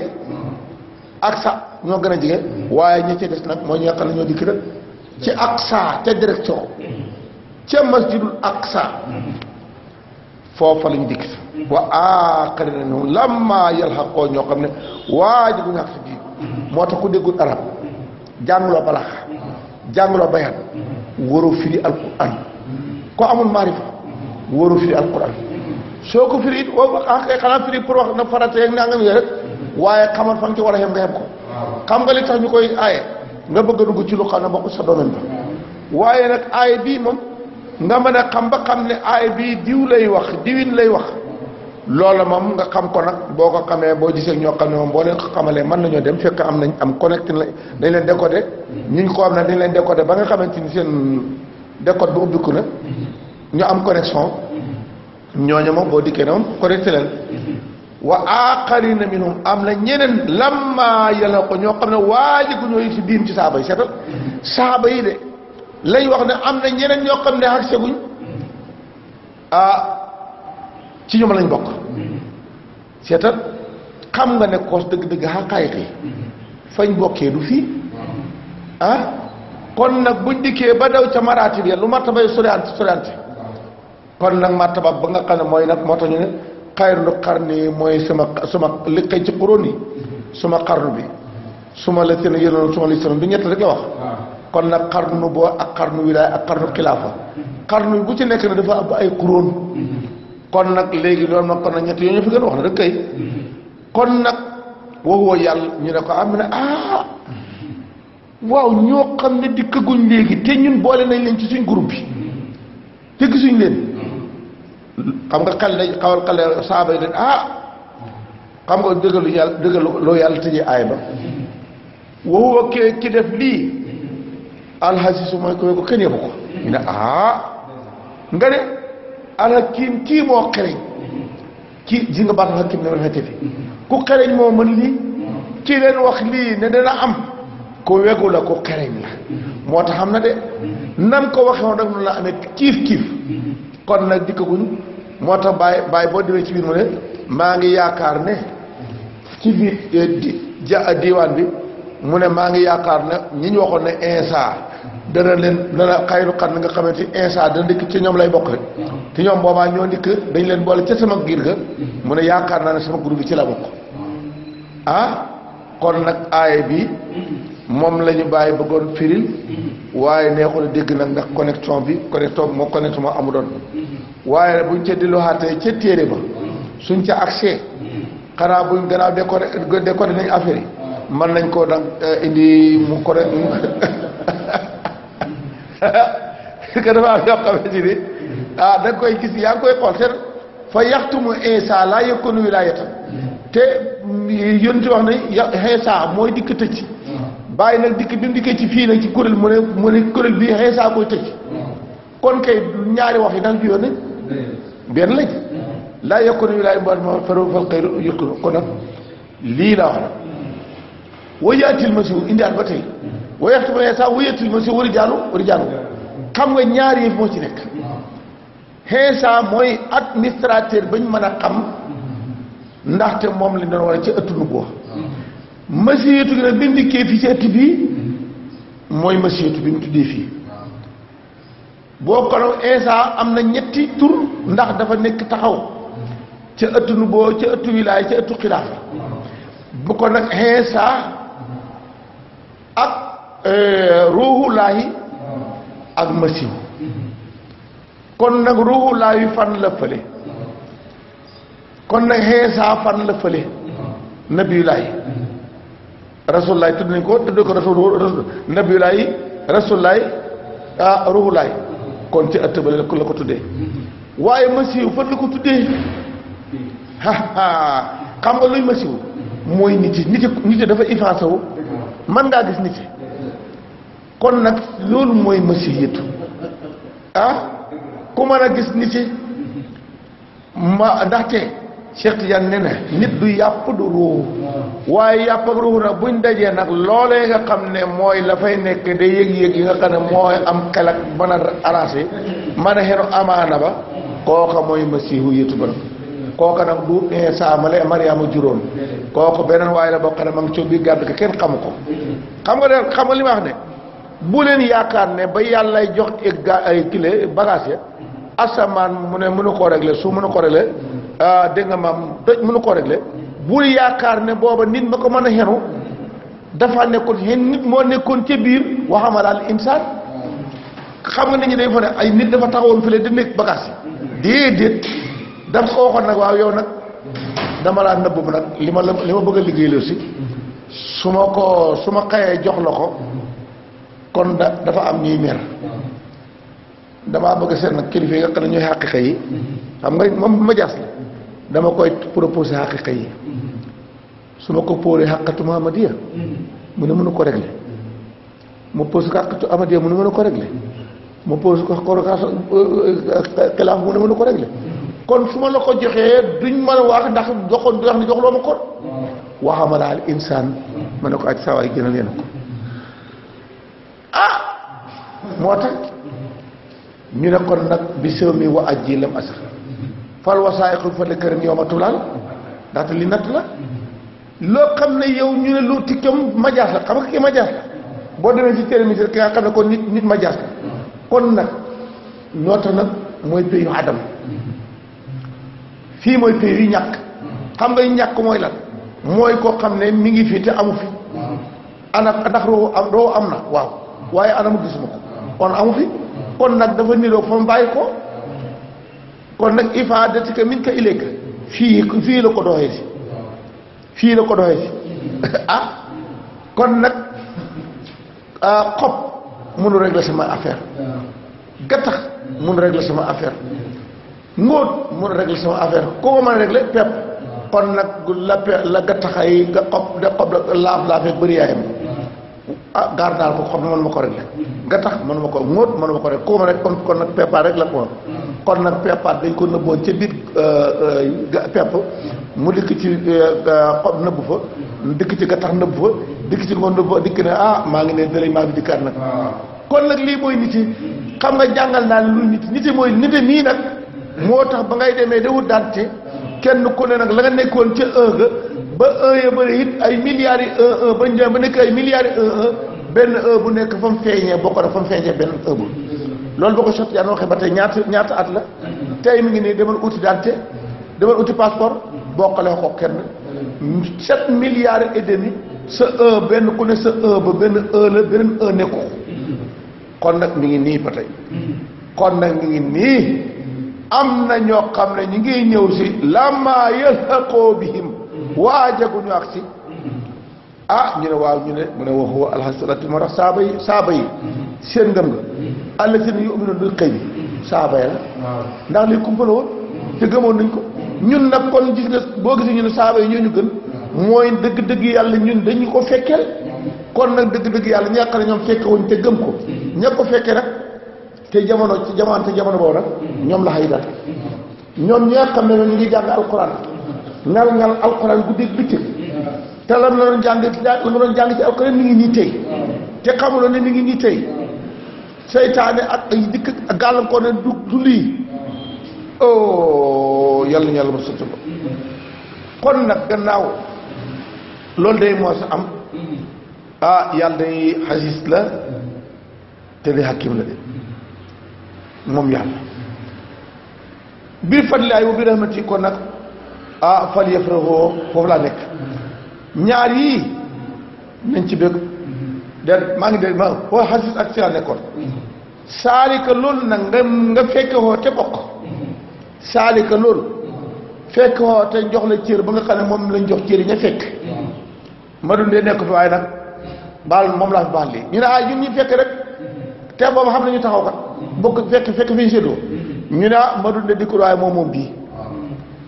ak sa ñoo gën a jege waaye ñi ci des nag mooy ñi nga xam ne ñoo dikk rek ci aqsa ca direction ca masjidul aqsa foofa lañ dikk wa aaxarina minhum lammaa yalhaqoo ñoo xam ne waaj bu ñàkk si biir moo tax ku déggul arab jàngloo balaax bayaan waroo firi alquran ko amul maarifa waroo firi alquran soo ko firi it woo ah, xanaa firi pour wax na farata yeeg nangam yooyu rek waaye xamal fan ci war a yem nga yem ko xam nga li tax ñu koy aaye nga bëgg a dugg ci lu xam ne bokkul waaye nag aaye bii moom nga mën a xam ba xam ne aay bii diw lay wax diwin lay wax loola moom nga xam ko nag boo ko xamee boo gisee ñoo xam ne moom boo leen xamalee mën nañoo dem fekk am nañ am connecté dañ leen décoder ñu ko am na dañ leen décoder ba nga xamante ni seen décode bu ubbiku na ñu am connexion ñooñu moom boo dikkee ne moom connecté leen wa aqarina minhum am na ñeneen lamma yàlla ko ñoo xam ne waaji ku ñooyu si diin ci saaba yi seetal saaba yi de lay wax ne am na ñeneen ñoo xam ne ak seguñ ah ci ñoom lañ bokk seetat xam nga ne koos dëgg-dëgg xaqaayiqi fañ bokkee du fii ah kon nag buñ dikkee ba daw ca maraatib ya lu martaba yi soriante soriante kon nag martaba ba nga xam ne mooy nag moo tax ñu ne xayru xarni mooy sama sama li xëy ci xuróon yi suma bi suma la seen yëloon suma li sama bi ñett rek la wax kon nag karnu bo ak karnu wilaay ak karnu khilafa karnu bu ci nek na dafa ab ay kuróon kon nak legui loolu nag kon ñet ñu fi gën wax rek kay kon wo wo yal ñu ne ko am ah waaw ñoo xam ne guñ legui te ñun boole nañ leen ci suñ groupe bi te gisuñ leen xam nga xel xawal xel saaba yi ah xam nga dëggalu yàlla dëggalu lo yàlla ci ay ba wo kee ki def li alhasisu man koy ko kenn yëbu ko ñu ne ah nga ne alhakim kii moo xereñ kii ji nga baat alhakim ne ma fi ku xereñ moo mën lii kii leen wax lii ne dana am ku wegu la ku xereñ la moo tax xam na de nam ko waxee woon rek noonu la amee kiif kiif kon nag dikkaguñu moo tax bàyyi bàyyi boo demee ci biir mu ne maa ngi yaakaar ne ci biir eh, di ja diwaan bi mu ne maa ngi yaakaar ne ñi ñu waxoon ne insa dana leen dana xayru xam na nga xamante ni insa dana dikk ci ñoom lay bokk rek te ñoom boobaa ñoo dikk dañ leen boole ca sama giir ga mu ne yaakaar naa ne sama groupe bi ci la bokk ah kon nag aaya bi moom lañu bàyyi bëggoon firil waaye neexul dégg nag ndax connexion bi connexion bi moo connexion moo amu doon waaye bu buñ ca delluwaatee ca téere ba suñ ci accès xanaa buñ gannaaw décoder ko nañ affaire yi man nañ koo dang eh, indi mu correct (laughs) que dafa am yoo xamante ni ah da koy gis yaa ngi koy xool te fa yaxtumu insa laa yëkkoonu wilaayatam te yonti wax ne xeesa mooy dikk tëj bàyyi nag dikk bi ci fii nag ci kuréel mu ne mu ne kuréel bii xeesa ñaari wax yi nag bi yoon nañ benn lañ laa yëkkoonu ma faru indiaat ba tey wa yaxtimu l-insaanu wa yatul mansi wa rijaanu wa rijaanu xam nga ñaar yëf moo ci nekk xeesa mooy administrateur bañ mën a xam ndaxte moom lañ doon war a ci ëttu nubuwa masiyatu gi nag bi mu dikkee fii ci ëtt bi mooy masiyatu bi mu fii boo ko am na ñetti tur ndax dafa nekk taxaw ca ëttu nubuwa ca ëttu wilaaya ca ëttu xilaafa bu ko nag Insa Eh, ruuxu laahi ak masiw kon nag ruuxu laahi fan la fële kon nag xeesaa fan la fële nabiyulaahi rasululaahi tudd nañ ko tudd ko rasul nabiyulaahi rasululaahi ah kon ci ëtt bële la ko tuddee waaye masiw fan la ko tuddee xam nga luy masiw mooy nit yi nit yi dafa effacé wu man ngaa gis nit yi kon nag loolu mooy masiyatu ah ku mën a gis ni ci ma ndaxte Cheikh Tidiane ne na nit du yàpp du ruuxu waaye yàpp ruuxu nag buñ dajee nag loolee nga xam ne mooy la fay nekk da yëg-yëg yi nga xam ne mooy am xel ak mën a arrangé mën a xenu amaana ba kooka mooy masihu yëtu ba kooka nag du Insa ma lay juróom kooku beneen waaye la boo xam ne ma ngi ci biir gàdd ka kenn xamu ko xam nga de xam nga ne bu leen yaakaar ne ba yàllay jox egga ay kile bagage ya asamaan mu ne mënu koo réglé su mënu koo réglé ah, dégg maam doj mënu koo réglé bul yaakaar ne booba nit ma ko mën a xenu dafa nekkoon xen nit moo nekkoon ca biir waxama daal insaan xam nga nit ñi dañ ne ay nit dafa taxawoon fële di nekk bagage yi déedéet daf nag waaw yow nag dama nag li ma la bëgg liggéey si su ma ko su ma jox la ko kon da dafa am ñuy mer dama bëgg sen nak kilifa yi nga xam ne haqiqa yi xam nga mom ma jass la dama koy proposer haqiqa yi su ma ko póoree xaqatu Muhammadiya mu ne mënu ko régler mu posé ko xaqatu Amadiya mu ne mënu ko régler mu posé ko xaqatu xilaaf mu ne mënu ko régler kon su ma la ko joxee duñ mëna wax ndax joxon di ni jox lo ma ko waxama al insaan ma ne ko aj gënal yéen ko ah moo tax ñu ne kon nag bi sew mi wa aj ji lam asar fal wasaayiqul fa këram yow ma tulaal ndaxte li natt la loo xam ne yow ñu ne lu tikkam majaas la xam nga kii majaas la boo demee ci téere mi nit nit majaas la kon nag ñoo tax nag mooy payu adam fii mooy payu ñàkk xam nga ñàkk mooy lan mooy koo xam ne mi ngi fii te amu fi ana ndax roo am am na waaw waaye anam gisuma ko kon amu fi kon nag dafa niroo fa mu bàyyi ko kon nag ifaadati ka min ka ilayka fii fii la ko doxee si fii la ko doxee si (laughs) ah kon nag ah, xob mënu régler sama affaire gattax mënu régler sama affaire ngoot mënu régler sama affaire koo ko a régler pepp kon nag la pe la gattaxay nga xob da xob la laaf laafee bëri yaayam ah gaar daal ko xam ne mënuma ko rek nga tax mënuma ko ŋóot mënuma ko rek ku ma rek kon kon nag peppaar rek la ko kon nag peppaar dañ ko nëbboon ca biir euh, euh, pepp mu dikk ci euh, xob nëbbu fa dikk ci gattax nëbbu dikk ci ngoon nëbbu fa dikk ne ah maa ngi ne dalay maa ngi dikkaat nag kon nag lii mooy nit yi xam nga jàngal naa lu nit nit yi mooy nit yi nii nag moo tax ba ngay demee de wut daante kenn ku ne nag la nga nekkoon ca un ba un ba njëriñ ba nekk ay milliards yi un un bu nekk fa mu feeñee bokk na fa mu feeñee benn un bu loolu ko sotti yaa waxee ba tey ñaata at la tey mi ngi nii demal uti dante demal uti passeport bokkale ko kenn sept milliards et demi sa un benn ku sa un ba benn un la beneen un nekku kon nag mi ngi nii ba tey kon nag mi ngi nii. am na ñoo xam ne ñu ngi ñëw si lamma yalhaqoo bihim waajaguñu ak si ah ñu ne waaw ñu ne mu ne waxu alxasalati ma tax saaba yi saaba yi seen ngëm nga àlla seen yu'minu bil ghaybi saaba ya la ndax li kumpala woon te gëmoon nañ ko ñun nag kon gis boo gisee ñu ne saaba yi ñoo ñu gën mooy dëgg-dëgg yàlla ñun dañu ko fekkeel kon nag dëgg-dëgg yàlla ñi nga xam ne ñoom fekke wuñ te gëm ko ña ko fekke rek te jamono ci jamono te jamono boobu nag ñoom la xay dal ñoom ñi nga xam ne ñu ngi jàng alquran ngal ngal alquran guddeeg bëccëg te la mu mi ngi nii tey te xamuloon ne ngi nii tey seytaane ak ay dikk gàllankoor ne du du lii oh yàlla ma sotti ko kon nag gannaaw loolu day moo am ah yàlla day xasis la te day hakim la de mom yalla bi fadlaay wa bi rahmati kon nak a fal yafrahu fof la nek ñaar yi nañ ci bëgg de ma ngi de ma foo hadis ak ci laa nekkoon salika loolu nag nga nga fekk ho te bok salika loolu fekk ho te jox la ciir ba nga xam mom lañ jox ciir ña fekk ma dundee nek fi way nak bal mom la fi baal lii ñu ne ay ñun ñu fekk rek te bobu xam nañu taxaw kat bokk fekk fekk fi ñu séddoo ñu ne ah Madou ne dikkul waaye moom moom bii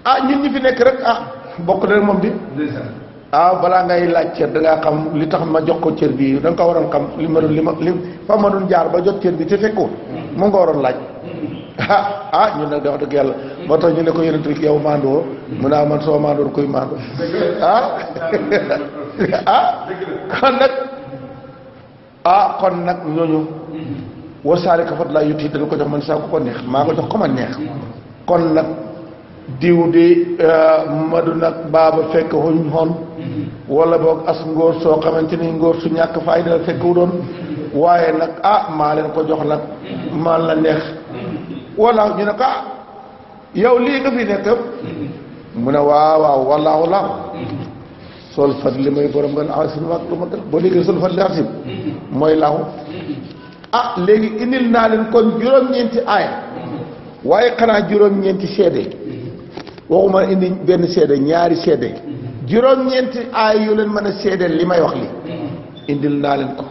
ah ñun ñi fi nekk rek ah bokk na rek moom bi ah balaa ngay laaj cër da ngaa xam li tax ma jox ko cër bii da nga ko waroon xam li ma doon li ma li fa ma doon jaar ba jot cër bi te fekkoo mu nga waroon laaj ah ah ñun nag wax yàlla moo ñu ne ko yonent bi yow maandoo mu naa ah man soo maandoon koy maandoo ah (laughs) ah kon nag ah kon nag ñooñu war saare ka fat laa yutt dana ko jox man saa ko ko neex maa ko jox ko ma neex kon nag diw di euh, madu nag baaba fekk xuñ xoon wala boog as ngóor soo xamante ni ngóor su ñàkk fayda la fekk wu waaye nag ah maa leen ko jox nag maa la neex wala ñu ne ko ah yow lii nga fi nekk mu ne waaw waaw wallaahu laahu sol fat li may borom nga ne asim ak lu ma gën boo déggee sol fat li asim mooy laahu ah léegi indil naa leen ko juróom-ñeenti aaya waaye xanaa juróom-ñeenti seede waxuma indi benn seede ñaari seede juróom-ñeenti aaya yu leen mën a seede li may wax li indil naa leen ko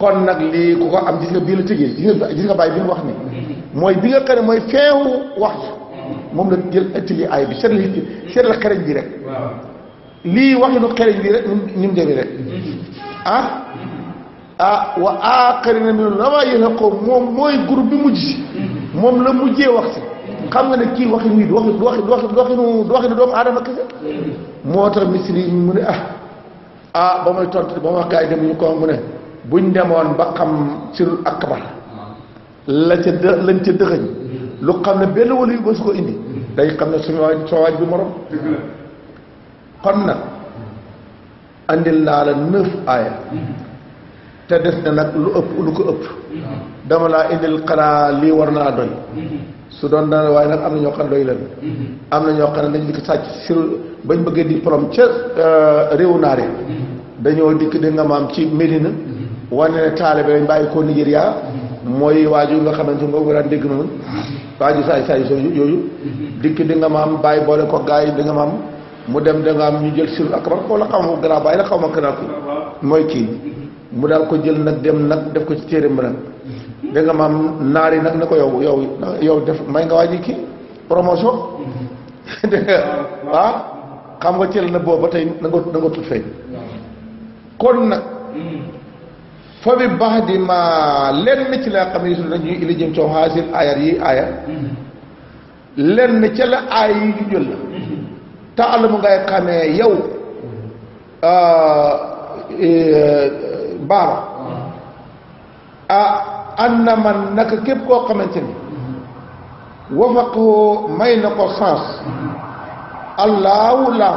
kon nag lii ku ko am gis bii la tëjee gis nga bàyyi bi mu wax ni mooy bi nga xam ne mooy feewu wax moom la jël ëttali bi seet la seet la xereñ bi rek lii waxinu xereñ bi rek ñu mu demee rek mm-hmm. ah ah wa aaxarina minhum lammaa yalhaqu moom mooy groupe bi mujj si moom la mujjee wax si xam nga ne kii waxi nii du waxi du waxi du waxi du doomu aadama kese moo tax misri yi mu ne ah ah ba muy tontu ba mu wax dem ñu ko mu ne buñ demoon ba xam sirul akbar la ca dë lañ ca dëxëñ lu xam ne benn wala yu ba su ko indi day xam ne suñu waaj soo waaj bi morom kon nag andil naa la neuf aaya te des na nag lu ëpp lu ko ëpp dama laa indil xanaa lii war naa doy su doon dana waaye nag am na ñoo xam ne doy leen am na ñoo xam ne dañu dikk sàcc si bañ bëggee diplôme ca euh, réewu naar yi dañoo dikk di ma am ci Médina wane ne bi dañ bàyyi ko Nigéria mooy waaju nga xamante ni boobu daan dégg noonu waaju saay saay sooyu yooyu dikk di nga maam bàyyi boole ko gars yi di ma am mu dem da am ñu jël sur akbar ko la xaw ma grand bàyyi la xaw ma kanaku mooy kii mu daal ko jël nag dem nag def ko ci téeram bi nag dégg maam naar yi nag ne ko yow yow yow def may nga waa ji promotion (laughs) dégg ah. Ah? xam nga cël na boobu ba tey na nga tut feeñ kon nag fa bi baax di ma lenn ci laa xam yi aaya lenn la aay yi ngay xamee yow ah, eh, baalo a ah. ah, an man naka képp koo xamante ni wafaqoo may na ko sens allaahu laaw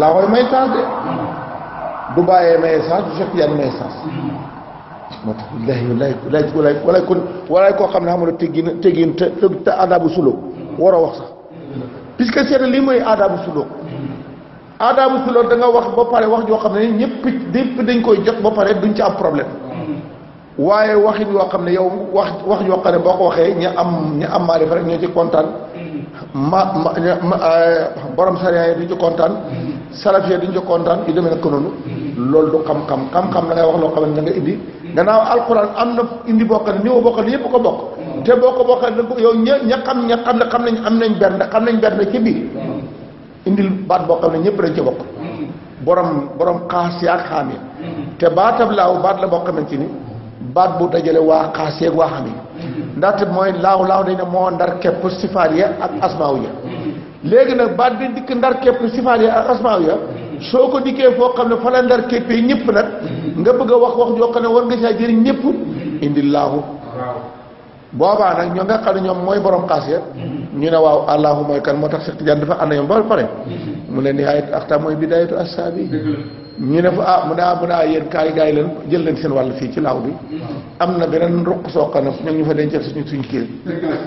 laawooy may sens de du bàyyee may sens du Cheikh Tijaan may sens moo tax wallaahi wallaahi wallaahi wallaahi kon wallaahi koo xam ne xamul teggin teggin te te adaabu suluk waroo wax sax puisque seeta lii mooy adaabu suluk aadaamu si loolu da nga wax ba pare wax jo xamne ñepp depp dañ koy jot ba pare duñ ci am problème waye waxin yo xamne nyam yow wax wax yoo xamne boko waxe ñi am ñi am mari rek ñoo ci contane ma ma eh, borom sariya yi duñ ci kontaan salafia duñ ci contane yu demé nak nonu loolu du xam-xam xam-xam la ngay wax nyam xamne nyam da nga indi nyam alquran am na indi bokkal niveau bokkal yépp ko bokk té boo ko yow ñi xam ñi xam na xam nañ am nañ bernd xam nañ bernd ci bi indi baat boo xam ne ñëpp dañ ci bokk boroom borom xaas yaag xaam te baatab laaw baat la boo xamante ni baat bu dajale waa xaas yeeg waa xam ndaxte mooy laaw laaw dañ ne moo ndar képp sifaat ya ak asmaaw ya léegi nag baat bi dikk ndar képp sifaat ya ak ya soo ko dikkee foo xam ne fa la ndar képp yi ñëpp nag nga bëgg wax wax joo xam ne war nga saa jëriñ ñëpp indil laahu boobaa nag ñoom nga xam ñoom mooy borom xaas ya ñu ne waaw allahu mooy kan moo tax Cheikh Tidiane dafa ànd ñoom ba pare mu ne nihaayatu axta mooy bidaayatu assaabi ñu ne fa ah mu ne ah mu ne ah yéen kaay gaay leen jël leen seen wàll fii ci laaw bi am na beneen ruq soo xam ne ñoo ñu fa dencal suñu suñ kii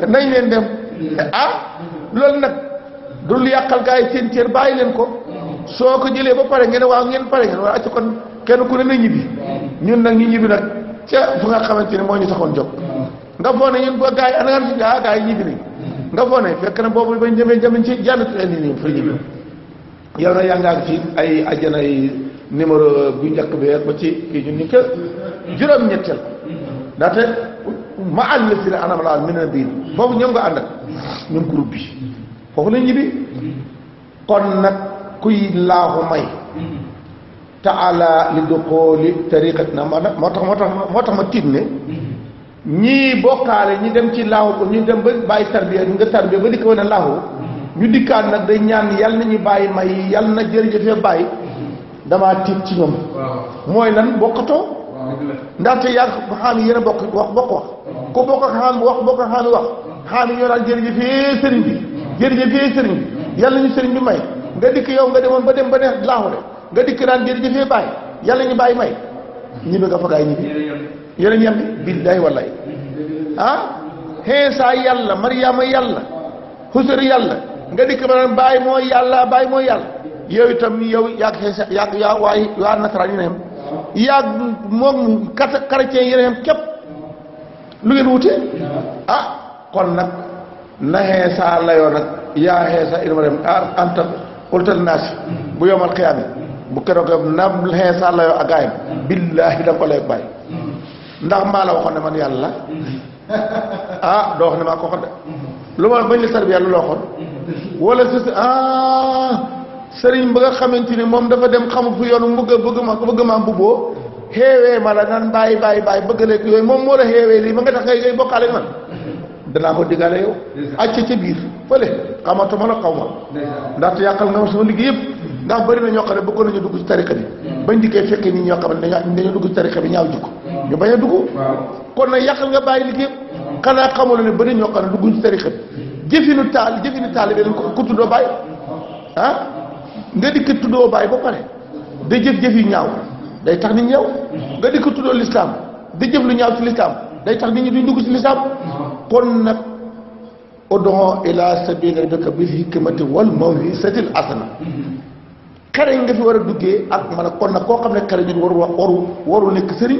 nañ leen dem ah loolu nag dul yàqal gaay seen cër bàyyi leen ko soo ko jëlee ba pare ngeen waaw ngeen pare ngeen waa acca kon kenn ku ne na ñibbi ñun nag ñu ñibbi nag ca fu nga xamante ne moo ñu taxoon jóg nga foog ne ñun ba gars yi ana nga ah gars yi ñibbi nañ nga foog ne fekk na boobu ci jàll ci leen nii ci ay ajjana yi numéro bu bi ba ci kii ñu ko juróom-ñetteel ndaxte ma ànd la si la anam laal mi ne bii foofu ñoom nga ànd ak ñoom groupe bi foofu la ñibbi kon nag kuy laaxu may. taala li doxooli tariqat na ma moo tax moo tax moo tax ma tiit ne. ñii bokkaale ñi dem ci laahu ñu dem ba bàyyi tarbiya nga tarbiya ba di ko wane laahu ñu dikkaat nag day ñaan yal nañu ñu bàyyi may yi yal na jërëjëfee bàyyi damaa tiit ci ñoom. mooy lan bokkatoo. ndaxte yaa xaam yi a bokk wax bokk wax. ku bokk ak xaam wax bokk ak xaam wax xaam yi ñoo daan jërëjëfee sëriñ bi jërëjëfee sëriñ yal nañu sëriñ bi may nga dikk yow nga demoon ba dem ba ne laahu de nga dikk daan jërëjëfee bàyyi yal na ñu bàyyi may ñibbi nga fa gaay ñibbi yéen a ngi yem billaahi wallaahi ah xeesaa yàlla mariyaama yàlla xusar yàlla nga dikk ma naan bàyyi mooy yàlla bàyyi mooy yàlla yow itam yow yaag xeesa yaag yaa waay waa nasaraan yi ne yem yaag moom kat chrétien yi ne yem képp lu ngeen wute ah kon nag na xeesaa layoo nag yaa xeesa ina ma ah, ultal naas bu yomal xiyaame bu keroog nam xeesa layoo ak billaahi da ko lay bàyyi ndax maa la waxoon ne man yàlla mm-hmm. ah doo wax ne maa ko waxoon de mm-hmm. lu ma bañ la sar bi yàlla loo waxoon mm-hmm. wala si ah sëriñ ba nga xamante ni moom dafa dem xamu fu yoon bëgg bëgg ma bëgg ma mbubboo xeewee ma la nan bàyyi bàyyi bàyyi bëgg lekk yooyu moom moo la xeewee lii ma nga tax ngay ngay bokkaale man danaa ko diggaale yow acca ca biir fële xamatuma la xaw ma ndaxte yàqal nga ma sama liggéey yëpp mm. ndax bëri na ñoo xam ne bëggoon nañu dugg ci tariqa bi mm. bañ dikkee fekkee nit ñoo xam ne dañoo dañoo dugg ci tariqa mm. a dugg kon nag yàqal nga bàyyi liggéey xanaa xamul ne bëri ñoo xam bi jëfinu taal ko ku tuddoo bàyyi ah nga dikk tuddoo bàyyi ba pare da jëf jëf yi ñaaw day tax nit ñëw nga dikk tuddoo lislaam da jëf lu ñaaw ci lislaam day tax nit ñi duñ dugg ci lislaam kon nag ud'u ila sabili rabbika bil hikmati wal maw'izatil hasana xare nga fi war a duggee ak man a kon nag koo xam ne xare nit waru wax waru waru nekk sëriñ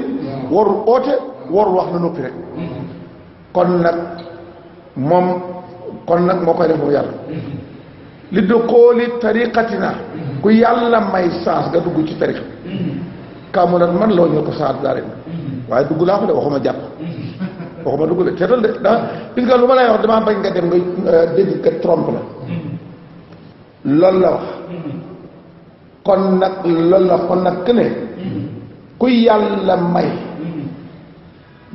warul oote warul wax na noppi rek kon nag moom kon nag moo koy def moom yàlla li duxooli tariqatina ku yàlla may chance nga dugg ci tariqa kaamu nag man loo ñëw ko saat daare waaye dugg laa ko de waxuma jàpp waxuma Louga de teetal de ah bis nga lu ma lay wax damaa bañ nga dem nga dégg que trompe la loolu la wax kon la kon ne ku may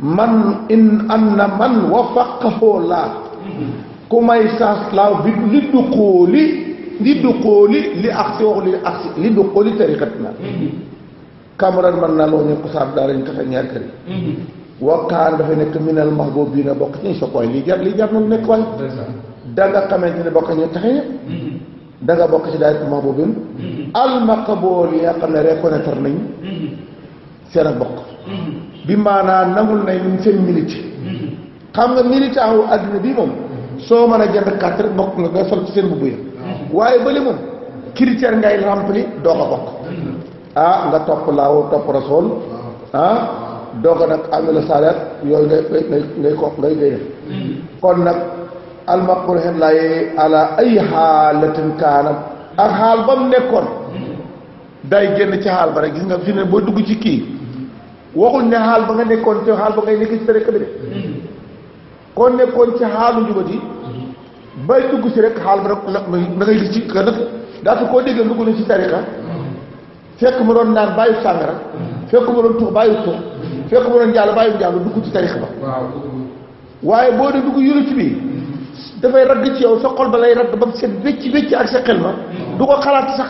man in an Naman man wafaqahoo laa hmm. ku may saas laaw bi li duqooli li duqooli li aksi waxu li aksi li duqooli tariqat na man naa loo ne ko ñaar kër wakkaan dafay nekk minal na bokk ci ñu soppooy lii jar lii jar noonu nekk waay da nga xamante ne bokk ñu taxe ñëpp da nga bokk ci daayira mahbubin mm-hmm. al maqbul yi nga xam ne mm-hmm. bokk mm-hmm. bi maanaam nangul nañ seen milite xam nga militant wu àddina bii moom soo mën a jënd carte rek bokk nga sol ci seen mbubb yi waaye bële moom critère ngay rempli doo ko bokk ah nga topp laaw topp rasool doog a nag amee la salaire yooyu ngay ngay ngay ko ngay ngay def kon nag almaqruhin lay ala ay xaalatin kaanam ak xaal ba mu nekkoon day génn ci xaal ba rek gis nga fi ne boo dugg ci kii waxul ne xaal ba nga nekkoon ci xaal ba ngay nekk ci tariqa bi de koo nekkoon ci xaalu njubati bay dugg ba rek na koo déggee dugg na ci tariqa fekk mu doon naan bàyyi sàngara fekk mu doon tux bàyyi tux fekk mu doon jàll bàyyi bu jàll dugg ci tarix ba waaye boo de dugg yonent bi dafay ragg ci yow sa xol ba lay ragg ba set wécc wécc ak sa xel ma du ko xalaat sax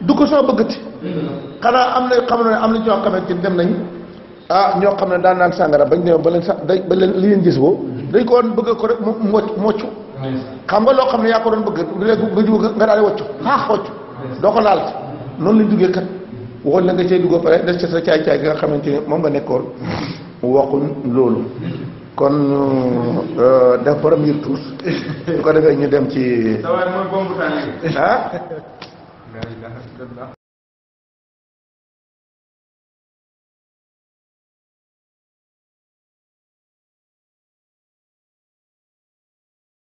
du ko soo bëggati xanaa am na xam ne am na ñoo xamante ni dem nañ ah ñoo xam ne daan naan sàngara bañ ne ba leen sax ba leen li leen gis boo dañ ko woon bëgg ko rek mu moccu xam nga loo xam ne yaa ko doon bëgg léegi nga jóg nga daal di woccu xaax ah. woccu doo ko laal noonu lañ duggee kat waxoon na nga cee dugg pare def ca sa caay-caay nga xamante ne moom nga nekkoon waxuñ loolu kon euh, euh, def premier tour su ko defee ñu dem ci. ah.